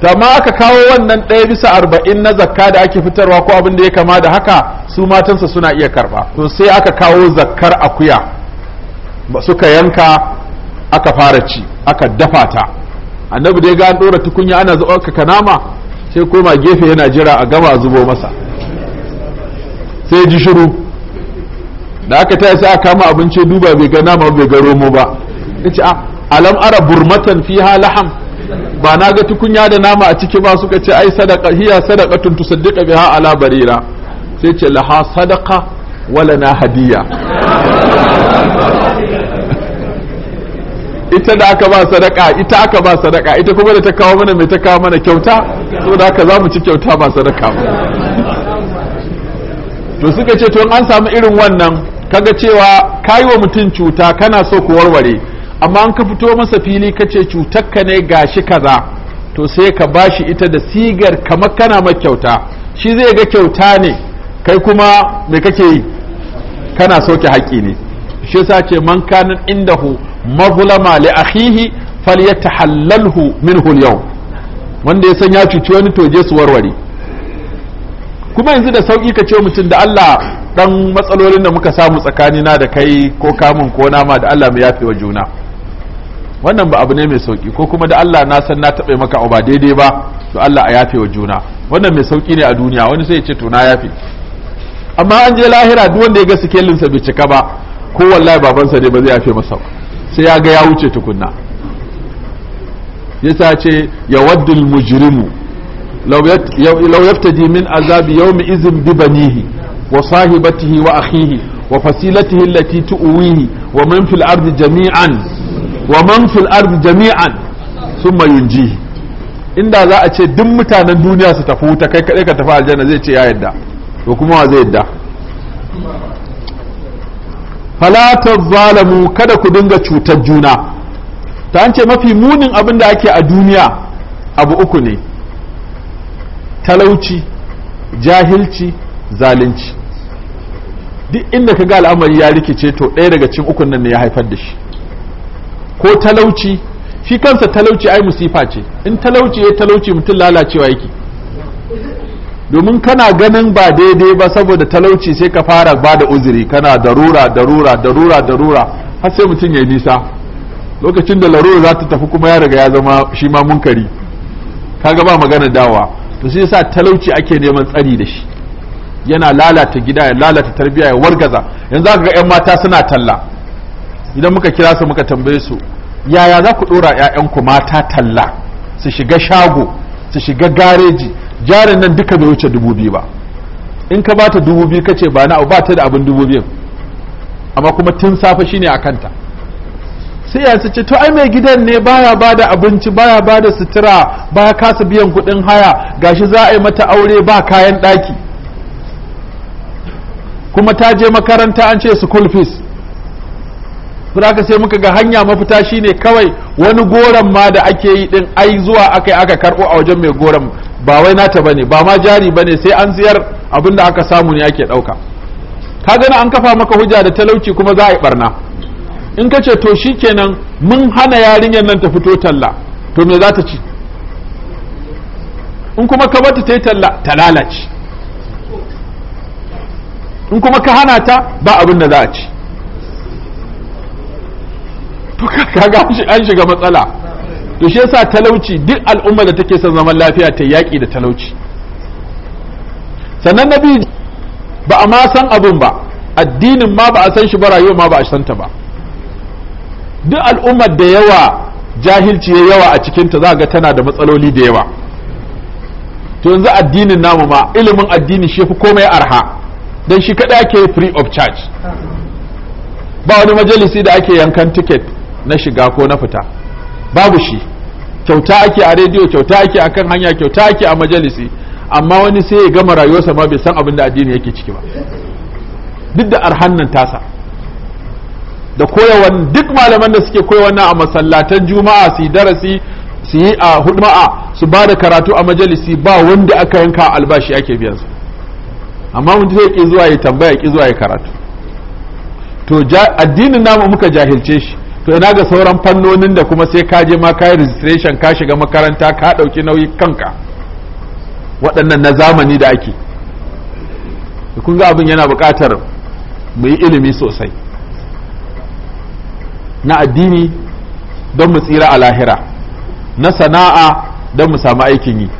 to amma aka kawo wannan ɗaya bisa arba'in na zakka da ake fitarwa ko abin da ya kama da haka su matansa suna iya karba to sai aka kawo zakkar akuya ba suka yanka aka fara ci aka dafa ta annabi da ya ga an ɗora tukunya ana zuwa ka nama sai koma gefe yana jira a gama zubo masa sai ji shiru da aka taya sai aka kama abinci duba bai ga nama bai ga romo ba yace a ah, alam ara burmatan fiha laham ba na ga tukunya da nama a ciki ba suka ce ai sadaka hiya sadaqatun tusaddiqa biha ala barira sai ce laha sadaqa wala na hadiya [laughs] ita da aka ba sadaka ita aka ba sadaka ita kuma da ta kawo mana mai ta kawo mana kyauta saboda haka za mu ci kyauta ba sadaka ba to suka ce to an samu irin wannan kaga cewa kayi wa mutum cuta kana so ku warware amma an ka fito masa fili ka ce ka ne gashi kaza to sai ka bashi ita da sigar kamar kana mai kyauta shi zai ga kyauta ne kai kuma me kake yi kana sauke haƙi ne shi yasa ce man kanin indahu mazlama li akhihi falyatahallalhu minhu al-yawm wanda ya san ya cuci wani to je su warware kuma yanzu da sauki ka ce mutum da Allah ɗan matsalolin da muka samu tsakanina da kai ko kamun ko nama da Allah mu yafe wa juna wannan ba abu ne mai sauki ko kuma da Allah na san na taɓa maka ba daidai ba to Allah a yafe wa juna wannan mai sauki ne a duniya wani sai ya ce to na yafe amma an je lahira duk wanda ya ga sikelin sa bai cika ba ko wallahi babansa ne ba zai yafe masa sai ya ga ya wuce tukunna yasa ce ya waddul mujrimu law ta min azabi yawmi izin bi banihi wa sahibatihi wa akhihi wa fasilatihi allati tu'wihi wa man fil ardi jami'an wa man fil ardi jami'an thumma yunjihi inda za a ce duk mutanen duniya su tafi wuta kai kadai ka tafi aljanna zai ce ya yadda to kuma wa zai yadda fala tazalamu kada ku dinga cutar juna ta an ce mafi munin abin da ake a duniya abu uku ne talauci jahilci zalunci duk inda ka ga al'amari ya rikice to ɗaya daga cikin ukun nan ne ya haifar da shi ko talauci shi kansa talauci ai musifa ce in talauci ya talauci mutum lalacewa yake domin kana ganin ba daidai ba saboda talauci sai ka fara ba da uzuri kana darura darura darura darura har sai mutum ya nisa lokacin da larura za ta tafi kuma ya riga ya zama shi ma munkari kaga ba magana dawa to sai sa talauci ake neman tsari da shi yana lalata gida ya lalata tarbiya ya wargaza yanzu aka ga 'yan mata suna talla idan muka kira su muka tambaye su yaya za ku ɗora 'ya'yanku mata talla su shiga shago su shiga gareji jarin nan duka bai wuce dubu biyu ba in ka bata dubu biyu kace ba na ba ta da abin dubu biyu amma kuma tun safe shi ne a kanta sai ya ce to ai mai gidan ne baya bada abinci baya bada sutura ba kasa biyan kuɗin haya gashi za a yi mata aure ba kayan daki kuma ta je makaranta an ce school fees aka sai muka ga hanya mafita shine kawai wani goron ma da ake yi din ai zuwa akai aka karbo a wajen mai goron ba wai nata bane ba ma jari bane sai an siyar abinda aka samu ne ake ɗauka ka gani an kafa maka hujja da talauci kuma za a yi barna in ka ce to kenan mun hana yarinyar nan ta fito talla to me za ta ci in kuma ka bata ta yi talla ta lalace in kuma ka hana ta ba abin da za a ci to kaga an shiga matsala to shi yasa talauci duk al'umma da take son zaman lafiya ta yaƙi da talauci sannan na biyu ba a ma san abin ba addinin ma ba a san shi ba rayuwa ma ba a san ta ba duk al'ummar da yawa jahilci ya yawa a cikinta za ga tana da matsaloli da yawa to yanzu addinin namu ma ilimin addini shi fi komai arha Dan shi kaɗai ake free of charge ba wani majalisi da ake yankan ticket na shiga ko na fita babu shi kyauta ake a rediyo kyauta ake a kan hanya kyauta ake a majalisi amma wani sai ya gama rayuwarsa ma bai san abin da addini yake ciki ba duk da arhan nan tasa da koyawan duk malaman da suke koya wannan a masallatan juma'a su darasi su yi a hudma'a su ba da karatu a majalisi ba wanda aka yanka albashi ake biyan su amma mun zai ki zuwa ya tambaya ki zuwa ya karatu to addinin namu muka jahilce shi to ina ga sauran fannonin da kuma sai ka je ma ka yi registration ka shiga makaranta ka ɗauki nauyi kanka waɗannan na zamani da ake kun ga abin yana buƙatar mu yi ilimi sosai na addini don mu tsira a lahira na sana'a don mu samu aikin yi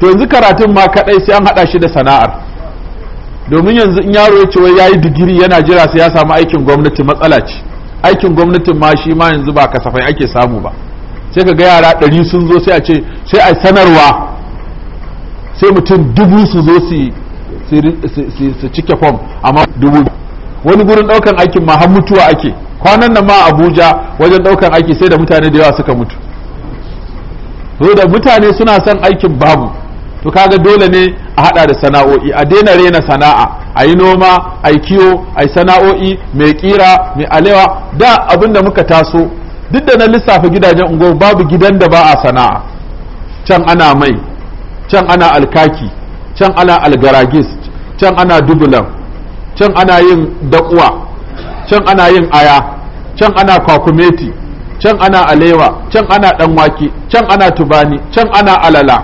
to yanzu karatun ma kadai sai an hada shi da sana'ar domin yanzu in yaro ya ce wai yayi digiri yana jira sai ya samu aikin gwamnati matsala ce aikin gwamnatin ma shi ma yanzu ba kasafai ake samu ba sai ka ga yara ɗari sun zo sai a ce sai a sanarwa sai mutum dubu su zo su cike fom amma dubu wani gurin ɗaukan aikin ma har mutuwa ake kwanan nan ma abuja wajen ɗaukan aiki sai da mutane da yawa suka mutu so da mutane suna son aikin babu to kaga dole ne a hada da sana'o'i a daina rena sana'a a yi noma a yi kiyo a yi sana'o'i mai kira mai alewa da abin da muka taso duk da na lissafa gidajen unguwar babu gidan da ba a sana'a can ana mai can ana alkaki can ana algaragis can ana dubulan can ana yin dakuwa can ana yin aya can ana kwakumeti can ana alewa can ana ɗanwake can ana tubani can ana alala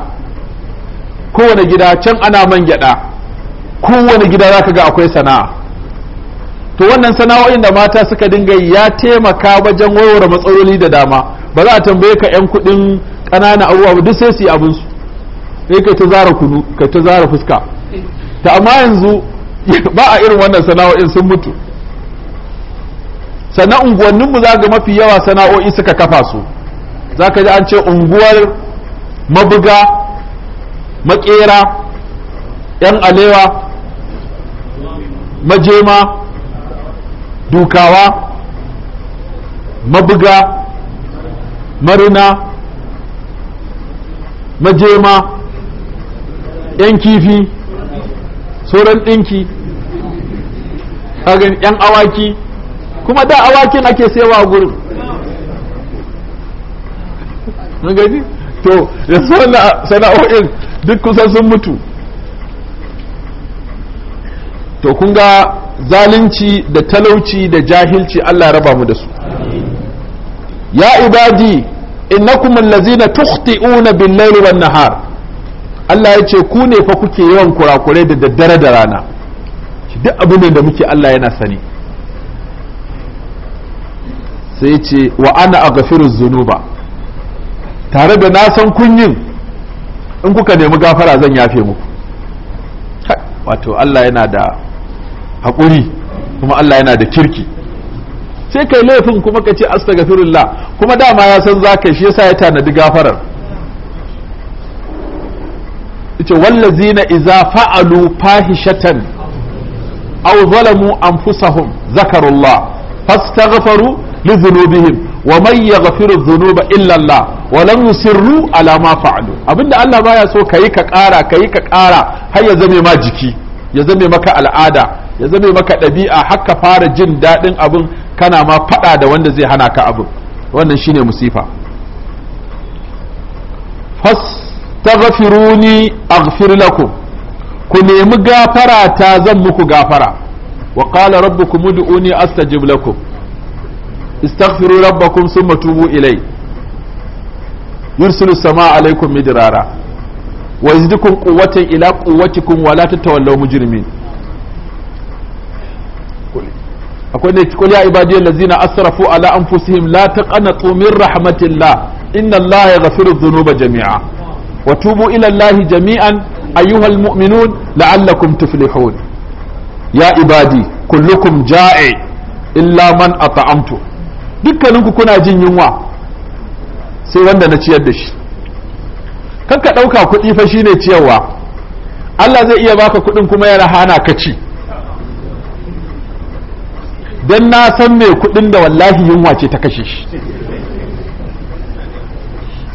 kowane gida can ana man gyaɗa kowane gida za ka ga akwai sana'a to wannan sana'o'in da mata suka dinga ya taimaka wajen warware matsaloli da dama ba za a tambaye ka 'yan kuɗin ƙananan abubuwa ba duk sai su yi su sai kai ta zara kunu kai ta zara fuska ta amma yanzu [laughs] ba a irin wannan sana'o'in sun mutu sannan unguwanninmu za ga mafi yawa sana'o'i suka kafa su za ka ji an ce unguwar mabuga makera yan alewa majema dukawa mabuga marina majema yan kifi sauran ɗinki yan awaki kuma da awakin ake sayawa gurin mun gani to ya wannan sana'o'in duk kusan sun mutu to kun ga zalunci da talauci da jahilci Allah raba mu da su ya ibadi innakum allazina tukhti'una bil-layli wan-nahar Allah ya ce ku ne fa kuke yawan kurakurai da daddare da rana duk abin da muke Allah yana sani sai ce wa ana aghfiru zunuba tare da na san kunyin in kuka nemi gafara zan yafe muku wato Allah yana da haƙuri kuma Allah yana da kirki sai kai laifin kuma ka ce la kuma dama ya san za zaka shi sa ya tanadi gafarar yace wallazina iza fa'alu fahishatan aw zalamu anfusahum zakarullah fastaghfaru لذنوبهم ومن يغفر الذنوب إلا illallah ولم يصروا على ما فعلوا abinda Allah baya so kayi ka ƙara kayi ka ƙara har ya zame ma jiki ya zame maka al'ada ya zame maka ɗabi'a har fara jin daɗin abin kana ma faɗa da wanda zai hana ka abin wannan shine musifa fastaghfiruni aghfir lakum ku nemi gafara ta zan muku gafara wa qala rabbukum ud'uni astajib lakum istaghfiru rabbakum summa tubu ilai yursilu samaa alaikum midrara wa yazidukum quwwatan ila quwwatikum wa la tatawallaw mujrimin akwai ne kul ya ibadiyal ladzina asrafu ala anfusihim la taqanatu min rahmatillah inna allaha yaghfiru dhunuba jami'a wa tubu ila allahi jami'an ayyuhal mu'minun la'allakum tuflihun ya ibadi kullukum ja'i illa man at'amtu dukkaninku kuna jin yunwa sai wanda na ciyar da shi ka ɗauka kuɗi fa shine ciyarwa Allah zai iya baka kuɗin kuma ya Rahana ka ci don na san mai kuɗin da wallahi yunwa ce ta kashe shi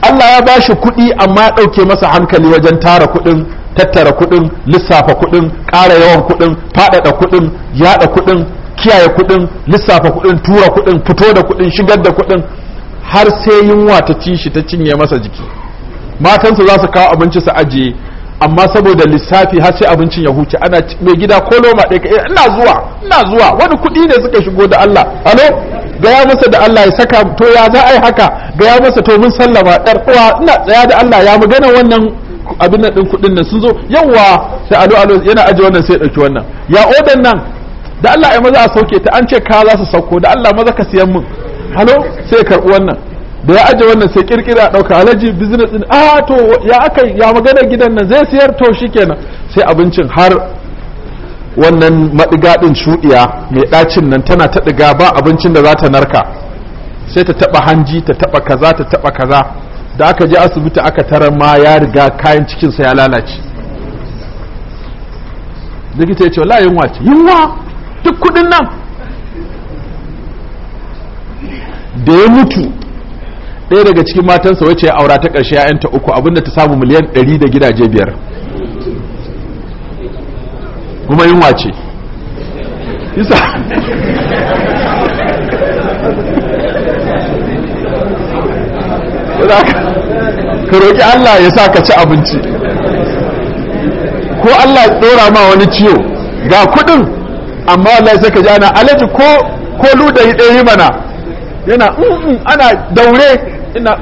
Allah ya ba shi kuɗi amma ya ɗauke masa hankali wajen tara kuɗin tattara kuɗin lissafa kuɗin ƙara yawan kuɗin faɗaɗa kuɗin yaɗa kuɗin kiyaye kuɗin lissafa kuɗin tura kuɗin fito da kuɗin shigar da kudin har sai yunwa ta ci ta cinye masa jiki matansa za su kawo abinci su ajiye amma saboda lissafi har sai abincin ya huce ana mai gida ko loma ɗaya kai eh, ina zuwa ina zuwa wani kuɗi ne suka shigo da Allah alo gaya masa da Allah ya saka to ya za a yi haka gaya masa to mun sallama ɗar kuwa ina tsaya da Allah ya magana wannan abin nan ɗin kuɗin nan sun zo yawwa sai alo alo yana aje wannan sai ya ɗauki wannan ya odan nan da Allah ya maza a sauke ta an ce ka za su sauko da Allah maza ka siyan min halo sai karɓi wannan da ya aje wannan sai kirkira ɗauka alaji business din a ah, to ya aka ya magana gidan nan zai siyar to shikenan sai abincin har wannan maɗiga ɗin shuɗiya mai ɗacin nan tana ta ɗiga ba abincin da za ta narka sai ta taɓa hanji ta taɓa kaza ta taɓa kaza da aka je asibiti aka tarar ma ya riga kayan cikinsa ya lalace likita ya ce wallahi yunwa ce yunwa kudin nan da ya mutu ɗaya daga cikin matansa wacce ya aura ta ƙarshe ya'yanta uku abinda ta samu miliyan ɗari da gidaje biyar kuma yunwa ce isa ka roƙi Allah ya sa ka ci abinci ko Allah ya ɗora ma wani ciwo ga kuɗin amma wallahi sai ka ji ana alaji ko ko ludayi ɗaya mana yana ana daure ina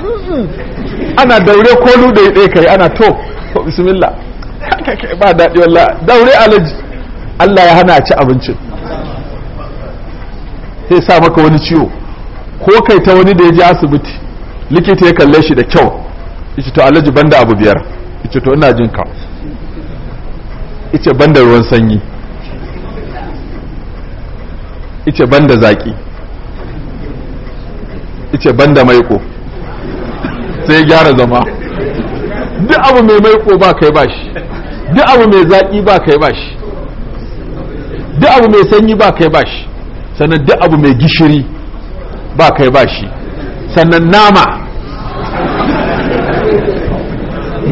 ana daure ko ludayi ɗaya kai ana to bismillah ba daɗi wallah daure alaji Allah ya hana ci abincin sai sa maka wani ciwo ko kai ta wani da ya je asibiti likita ya kalle shi da kyau yace to alaji banda abu biyar yace to ina jin ka yace banda ruwan sanyi ice banda zaki ice banda maiko sai gyara zama duk abu mai maiko ba kai ba shi duk abu mai zaki ba kai ba shi duk abu mai sanyi ba kai ba shi sannan duk abu mai gishiri ba kai ba shi sannan nama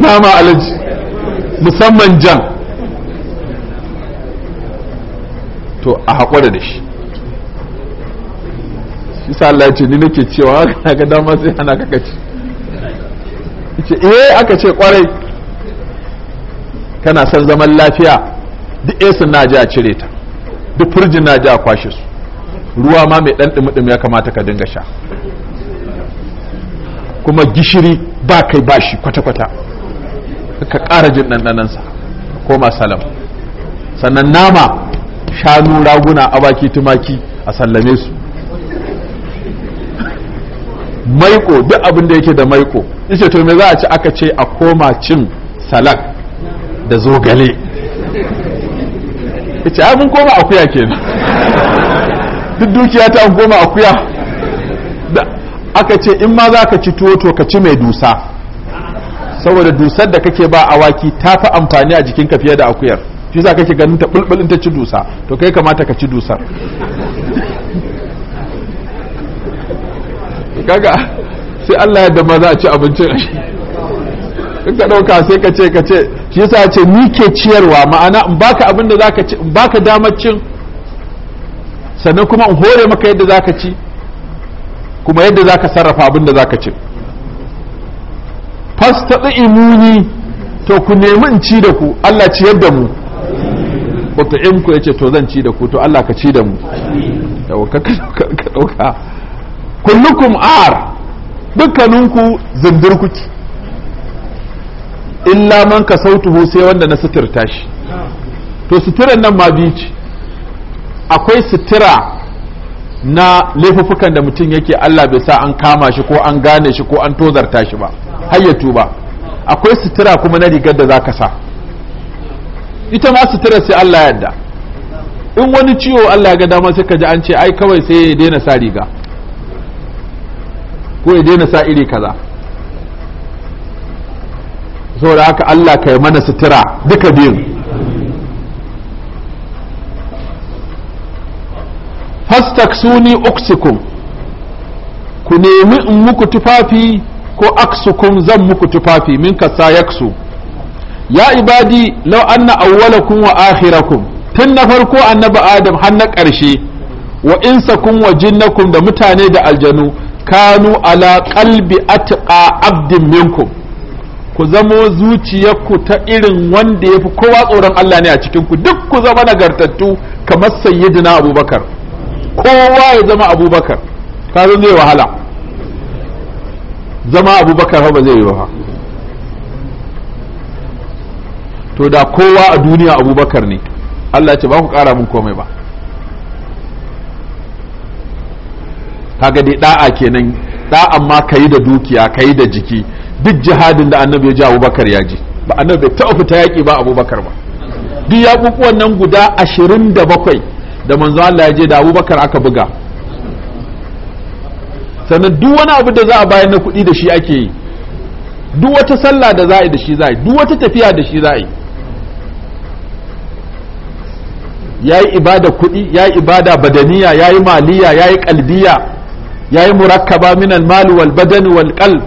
nama alaji musamman jan to a haƙura da shi sa Allah ce ni nake cewa na ga dama sai ana kaka ci ce eh aka ce kwarai kana son zaman lafiya duk esin na ji a cire ta duk furjin na ji a kwashe su ruwa ma mai dan dumi ya kamata ka dinga sha kuma gishiri ba kai bashi kwata-kwata ka ƙara jin ɗanɗanansa koma salam sannan nama shanu raguna abaki tumaki a sallame su maiko duk abin da yake da maiko yace to me za a ci aka ce a koma cin salak da zogale ce ai abin koma akuya ne duk dukiya ta goma akuya da aka ce in ma za ka ci tuwo to ka ci mai dusa saboda dusar da kake ba awaki ta fi amfani a jikinka fiye da akuyar shi za kake ganin ta bulbulin ta ci dusa to kai kamata ka ci dusar kaga sai Allah ya dama za a ci abincin in ka ɗauka sai ka ce ka ce shi yasa ce ni ke ciyarwa ma'ana in baka abin da zaka ci in baka damar cin sannan kuma in hore maka yadda zaka ci kuma yadda zaka sarrafa abin da zaka ci fastadi imuni to ku nemi in ci da ku Allah ciyar da mu ya yace to zan ci da ku to Allah ka ci da mu ka ɗauka kullukum ar dukkaninku zindir kuke illa man ka sautuhu sai wanda na suturta shi to suturan nan ma biyu ce akwai sutura na laifuffukan da mutum yake Allah bai sa an kama shi ko an gane shi ko an tozarta shi ba hayyatu ba akwai sutura kuma na rigar da za ka sa ita ma sutura sai Allah yadda in wani ciwo Allah ya ga dama sai ka ji an ce ai kawai sai ya daina sa riga ko ya daina sa iri kaza saboda haka Allah kai mana sutura duka biyun fastaksuni uksikum ku nemi in muku tufafi ko aksukum zan muku tufafi min kasa yaksu ya ibadi law anna awwalakum wa akhirakum tun na farko annabi adam har na ƙarshe wa insakum wa jinnakum da mutane da aljanu kanu ala qalbi atqa abdin minkum ku zamo zuciyarku ta irin wanda ya fi kowa tsoron Allah ne a ku duk ku zama nagartattu kamar sayyidina abubakar kowa ya zama abubakar ka zai wahala zama abubakar ba zai yi ba to da kowa a duniya abubakar ne Allah ce ba ku kara mun komai ba kaga dai da'a kenan da'an ma kayi da dukiya kayi da jiki duk jihadin da annabi ya ji abubakar ya ji ba annabi bai taɓa fita yaƙi ba abubakar ba duk buku nan guda ashirin da bakwai da manzo Allah ya je da abubakar aka buga sannan duk wani abu da za a bayar na kuɗi da shi ake yi duk wata sallah da za a yi da shi za a yi duk wata tafiya da shi za a yi ya yi ibada kuɗi ya yi ibada badaniya ya yi maliya ya yi kalbiya yayi murakkaba min al-mal wal badan wal qalb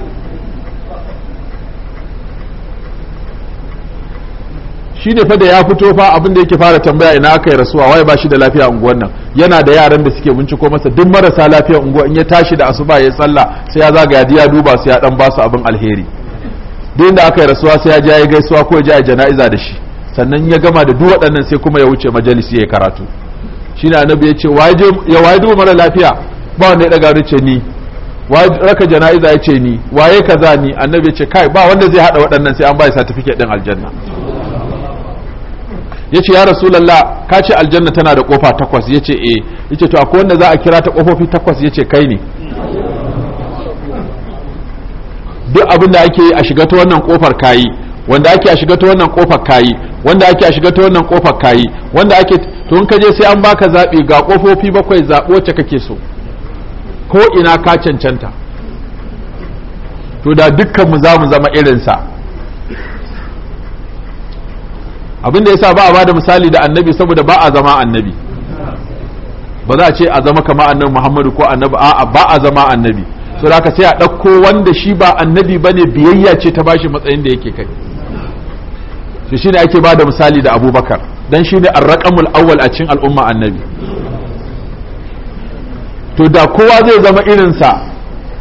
ne fa da ya fito fa abin da yake fara tambaya ina aka yi rasuwa wai ba shi da lafiya unguwan nan yana da yaran da suke binciko masa duk marasa lafiya unguwa in ya tashi da asuba ya sallah sai ya zaga ya duba su ya dan ba su abin alheri duk inda aka yi rasuwa sai ya je ya gaisuwa ko ya je jana'iza da shi sannan ya gama da duk waɗannan sai kuma ya wuce majalisi ya karatu ne annabi ya ce ya waye duba mara lafiya ba wanda ya daga ce ni wa raka jana'iza ya ce ni waye kaza ni annabi ya ce kai ba wanda zai hada waɗannan sai an bai certificate din aljanna yace ya rasulullah ka ce aljanna tana da kofa takwas yace eh yace to akwai wanda za a kira ta kofofi takwas yace kai ne duk abin da ake a shiga ta wannan kofar kayi wanda ake a shiga ta wannan kofar kayi wanda ake a shiga ta wannan kofar kayi wanda ake to in ka je sai an baka zabi ga kofofi bakwai zabo wacce kake so ko ina ka cancanta to da dukkanmu za mu zama irinsa abinda yasa ba a ba da misali da annabi saboda ba a zama annabi ba za a ce a zama kama annabi muhammadu ko annabi a'a ba a zama annabi so da sai a ɗauko wanda shi ba annabi ba ne biyayya ce ta bashi matsayin da yake kai shi shine ake bada da misali da abubakar dan shine arraƙamul awwal a cikin al'umma annabi to da kowa zai zama irinsa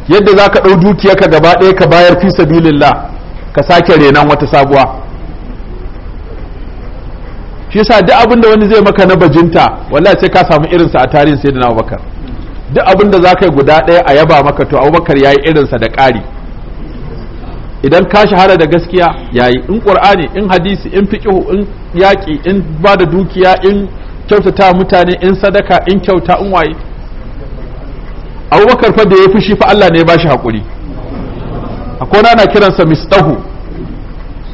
yadda za ka ɗau dukiyarka gaba ɗaya ka bayar fi sabilillah ka sake renan wata sabuwa shi yasa duk abin da wani zai maka na bajinta wallahi sai ka samu irinsa a tarihin sayyidina Abubakar duk abin da zaka yi guda ɗaya a yaba maka to Abubakar yayi irinsa da ƙari idan ka shahara da gaskiya yayi in ƙur'ani in hadisi in fiqhu in yaƙi in bada dukiya in kyautata mutane in sadaka in kyauta in waye abubakar fa da ya fushi fa Allah ne ya bashi hakuri akwai na kiransa mistahu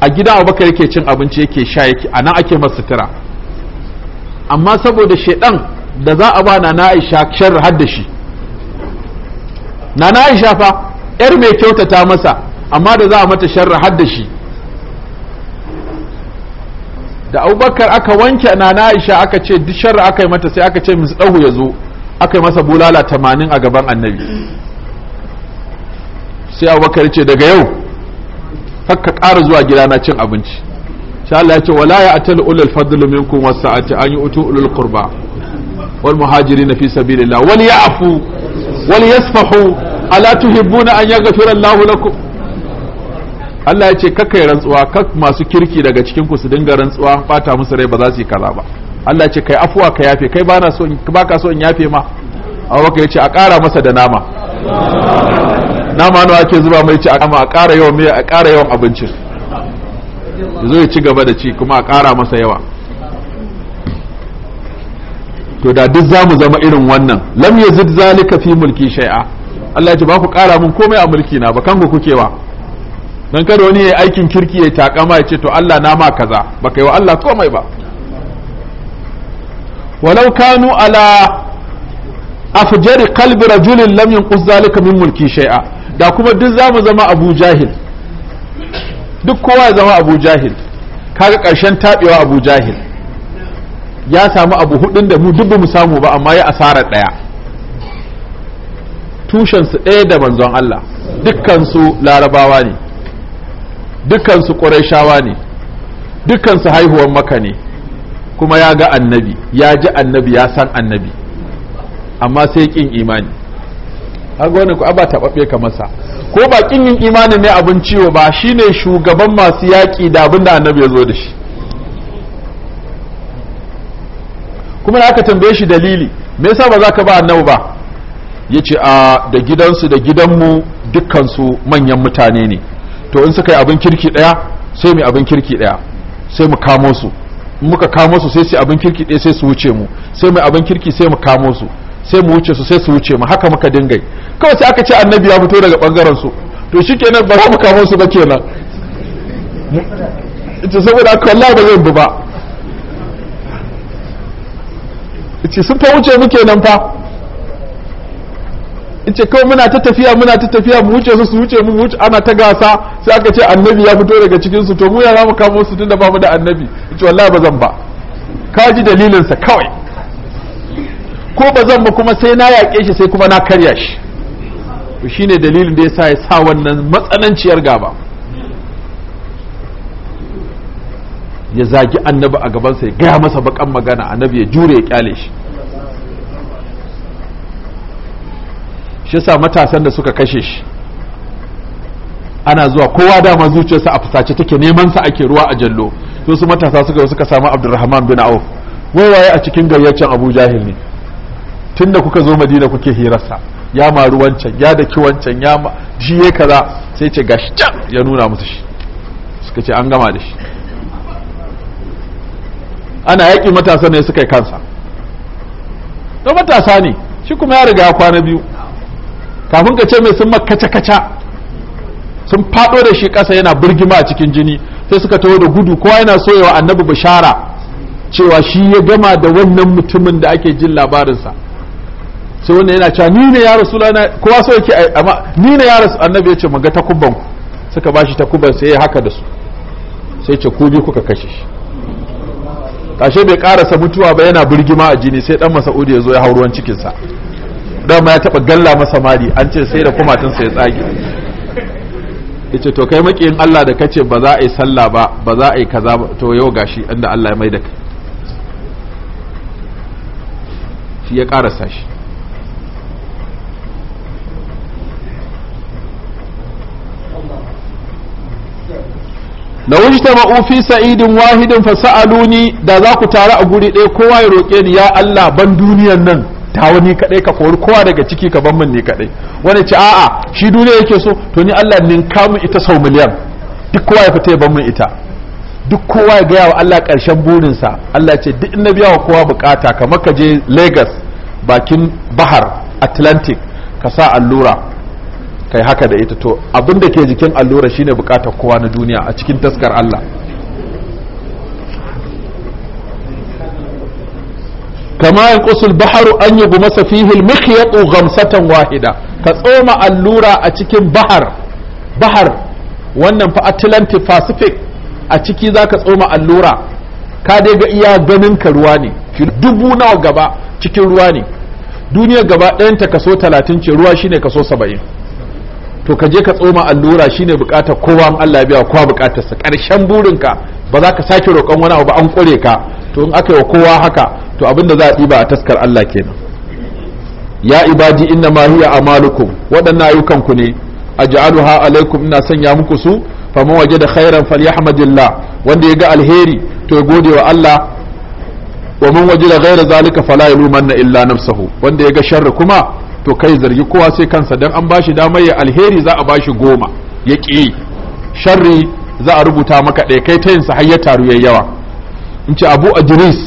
a gidan abubakar yake cin abinci yake sha yake a nan ake masa sutura amma saboda shaidan da za a ba na na aisha shar har da shi na na aisha fa yar mai kyautata masa amma da za a mata sharra har da shi da abubakar aka wanke na na aisha aka ce duk sharra aka yi mata sai aka ce mistahu ya zo aka yi masa bulala tamanin a gaban annabi sai abubakar ce daga yau kakka ƙara zuwa gida na cin abinci sha Allah ya ce wala ya atal ulul fadlu minkum wasa'ati an yu'tu ulul qurba wal muhajirin fi sabilillah wal ya'fu wal yasfahu ala tuhibbuna an yaghfira Allahu lakum Allah ya ce kakkai rantsuwa kak masu kirki daga cikin ku su dinga rantsuwa bata musu rai ba za su yi kaza ba Allah ya ce kai afuwa ka yafe kai ba na so ba ka so in yafe ma Abubakar ya ce a ƙara masa da nama nama nawa ake zuba mai ce a ƙara yawan mai a ƙara yawan abincin zo ya ci gaba da ci kuma a ƙara masa yawa to da duk za mu zama irin wannan lam yazid zalika fi mulki shay'a Allah ya ba ku ƙara mun komai a mulki na ba kanku kuke wa dan kada wani yayi aikin kirki ya takama ya ce to Allah na ma kaza baka yi wa Allah komai ba walau kanu ala julin qalbi rajulin lam yanqus zalika min mulki shai'a. da kuma duk zamu zama abu jahil duk kowa ya zama abu jahil kaga karshen tabewa abu jahil ya samu abu hudun da mu duk mu samu ba amma ya asara ɗaya? tushensu ɗaya da manzon Allah dukkansu larabawa ne dukkansu ƙurashawa ne dukkansu haihuwan maka ne kuma ya ga annabi ya ji annabi ya san annabi amma sai kin imani ga wani ku aba taɓaɓɓe ka masa ko ba kin yin imani ne abin ciwo ba shine shugaban masu yaƙi da abin da annabi ya zo da shi kuma da aka tambaye shi dalili me yasa ba za ka ba annabi ba ya ce a da gidansu da gidanmu dukkansu manyan mutane ne to in suka yi abin kirki ɗaya sai mu abin kirki ɗaya sai mu kamo su muka kamo su sai su abin kirki ɗaya sai su wuce mu sai mai abin kirki sai mu kamo su sai mu wuce su sai su wuce mu haka muka dinga kawai sai aka ce annabi ya fito daga bangaren su to shi kenan ba za mu kamo su ba kenan ita saboda haka wallahi ba zai ba ita sun fa wuce mu kenan fa ce kawai muna ta tafiya muna ta tafiya mu wuce su su wuce mu wuce ana ta gasa sai aka ce annabi ya fito daga cikin su to mu ya zamu kamo su tunda bamu da annabi ce wallahi bazan ba ka ji dalilin sa kawai ko bazan ba kuma sai na yaƙe shi sai kuma na karya shi to shine dalilin da yasa ya sa wannan matsananciyar gaba ya zagi annabi a gabansa ya gaya masa bakan magana annabi ya jure ya kyale shi shi yasa matasan da suka kashe shi ana zuwa kowa dama zuciyarsa a fusace take neman sa ake ruwa a jallo to su matasa suka suka samu Abdulrahman bin Auf wai waye a cikin gayyacin Abu Jahil ne tunda kuka zo Madina kuke hirarsa ya maru wancan ya daki wancan ya shi ya kaza sai ce gashi can ya nuna musu shi suka ce an gama da shi ana yaƙi matasa ne suka yi kansa to matasa ne shi kuma ya riga kwana biyu kafin ka ce mai sun kaca-kaca sun faɗo da shi ƙasa yana birgima a cikin jini sai suka taho da gudu kowa yana so annabi bishara cewa shi ya gama da wannan mutumin da ake jin labarinsa sai wannan yana cewa ni ne ya na kowa so yake amma ni ne ya rasu annabi ya ce maga takubban ku suka bashi takuban sai ya haka da su sai ce ku bi kuka kashe shi kashe bai karasa mutuwa ba yana birgima a jini sai dan masa'udi ya zo ya hau ruwan cikinsa dama ya taba galla masa mari an ce sai da kumatinsa ya tsage yace to kai makiyin Allah da kace ba za a yi sallah ba ba za a yi kaza ba to yau gashi inda Allah ya mai da kai shi ya karasa shi na wujta ma'ufi sa'idin wahidin fasa'aluni da za ku taru a guri ɗaya kowa ya roƙe ni ya Allah ban duniyan nan ta wani kadai ka kori kowa daga ciki ka ban mun ni kadai wani ce a'a shi duniya yake so to ni Allah nin kamu ita sau miliyan duk kowa ya fita ya ban mun ita duk kowa ya gaya wa Allah karshen burin sa Allah ce duk in na biya wa kowa bukata kamar ka je Lagos bakin bahar Atlantic ka sa allura kai haka da ita to abinda ke jikin allura shine bukatar kowa na duniya a cikin taskar Allah kama yanqusu kusul baharu an yi fihil fihi al-mikhyatu ghamsatan wahida ka tsoma allura a cikin bahar bahar wannan fa Atlantic Pacific a ciki zaka tsoma allura ka dai ga iya ganin ka ruwa ne dubu nawa gaba cikin ruwa ne duniyar gaba ɗayan ta kaso talatin ce ruwa shine kaso saba'in to ka je ka tsoma allura shine bukatar kowa Allah ya biya kowa bukatar sa karshen burinka ba za ka sake roƙon wani abu ba an kure ka to in aka yi wa kowa haka to abin da za a ɗiba a taskar Allah kenan ya ibadi inna ma hiya amalukum waɗannan ayyukan ku ne aj'aluha alaikum ina sanya muku su faman wajada khairan falyahmadillah wanda ya ga alheri to ya gode wa Allah wa man wajada ghaira zalika fala na illa nafsahu wanda ya ga sharri kuma to kai zargi kowa sai kansa dan an bashi damar ya alheri za a bashi goma ya ƙi sharri za a rubuta maka ɗaya kai ta yinsa har taru ya yawa in ce abu adris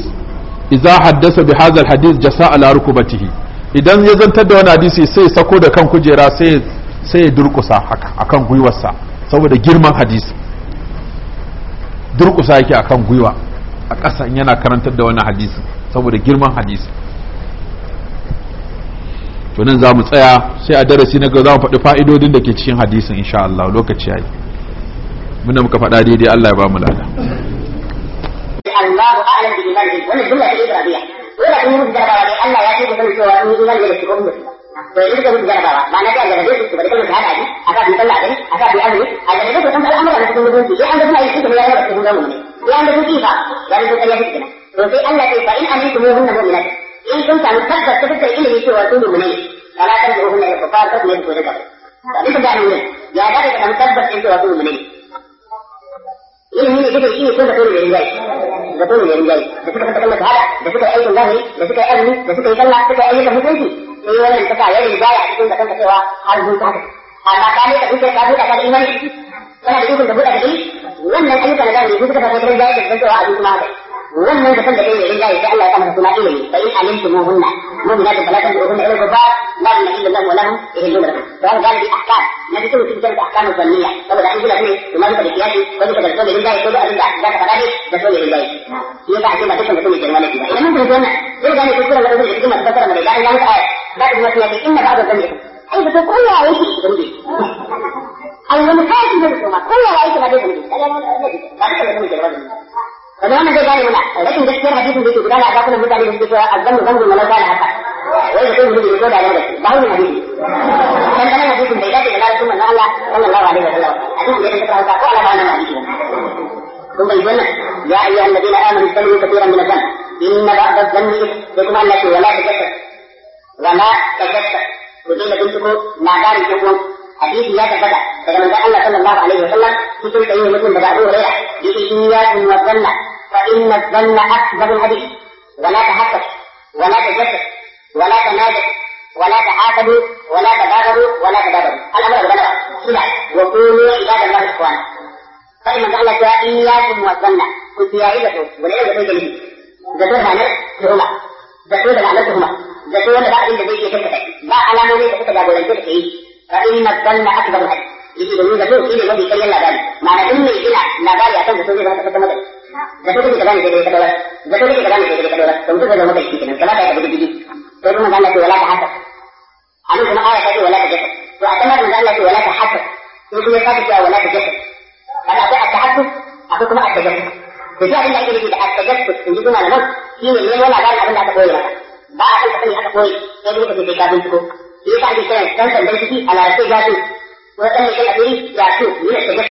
idza haddasa bi hadha hadith jasa ala rukubatihi idan ya zantar da wani hadisi sai sako da kan kujera sai sai ya durkusa haka akan gwiwarsa saboda girman hadisi durkusa yake akan gwiwa a ƙasa yana karantar da wani hadisi saboda girman hadisi to nan za mu tsaya sai a darasi na gaba za mu faɗi fa'idodin da ke cikin hadisin insha Allah lokaci yayi mun muka faɗa daidai Allah ya ba mu lada an kuma in sun samu tabbas ta fitar ilimi cewa su mu ne ala kan da ohun da kafar ta ne ko da ba da ne ya da ilimi ne kake shi ko da kai ne da kai ne da suka da da suka yi aikin da suka yi azumi da suka yi sallah suka yi ayyukan sai wannan ta sa ya riga cikin da kanka cewa har zuwa amma ka ne ka ka ka imani kana da ikon buɗa da wannan ayyuka suka fara da da cewa a cikin ومن دخل العلم لله فالا يفهم ثنائيه فان علمتموهن مؤمنات فلا تنبئوهن الى الكفار لا يحل لهم ولهم يحلون لكم فهو قال في احكام ما بيسوي في كتاب احكام الظنيه طب ده عندنا هنا وما بيقدر يقياسي وما بيقدر يقول لله كله ارجع ذاك قدامي ده كله لله يبقى عشان ما تفهم كل الجوانب دي احنا ممكن يقولنا يرجع يقول لنا يقول لك ما تفكر من الله يعني ايه بعد ما تيجي ان بعض الظن اي بتقول يا ايه ايوه مش عايز نقول كل يا ايه ما بيقول لك انا ما بيقول لك فالمهم زي جاري ولا لكن ده كتير حديث بيجي لا لا ده كنا بنقول عليه بيجي الذنب ذنب ولا لا حتى وإذا كنت بيجي بيقول عليه بس ده هو الحديث كان ثم ما أنا يقول يا أيها الذين آمنوا اجتنبوا كثيرا من الذنب إن بعض الذنب يكون أن ولا تكسر ولا تكسر وجل بنتكم ما دار يكون حديث يا تبدا فمن قال الله صلى الله عليه وسلم في كل يوم مسلم بدأ له غيره بإياكم والذنب فإن الظن أكبر الهدي ولا تحسس ولا تجسس ولا تنازع ولا تحاسدوا ولا تباغضوا ولا تباغضوا الأمر بلغ سلع وقولوا عباد الله إخوانا فإن قال لك إياكم والظن كنت يا عيدة والعيدة في جليل ذكرها نفسهما ذكرها نفسهما ذكرها بعد الذي يتكتك لا على من يتكتك ولا يتكتك فإن الظن أكبر الهدي يجي بنو ذكور إلي الذي كي لا بالي معنى إني إلى لا بالي أكون ذكور إذا تكتك जसों की कल्याण के लिए कदोलत जसों की कल्याण के लिए कदोलत तुमको जो लोगों की कदोलत कला का कभी दीदी तो तुम मजान लगी वाला का हाथ अनु तुम आया कभी वाला का जैसे तो अतमर मजान लगी वाला का हाथ तुमको ये कहा क्या वाला का जैसे أنا أقول التحدث أقول كما التجسس بجهل الله يجب التجسس يجبنا لمن فيه الليل ولا قال أقول لك قوي لك بعد أن تقول لك قوي يجب أن تكابين تكو يسعى بسنة تنسى بيتي على رسول جاسو ويقول لك الأمير جاسو من التجسس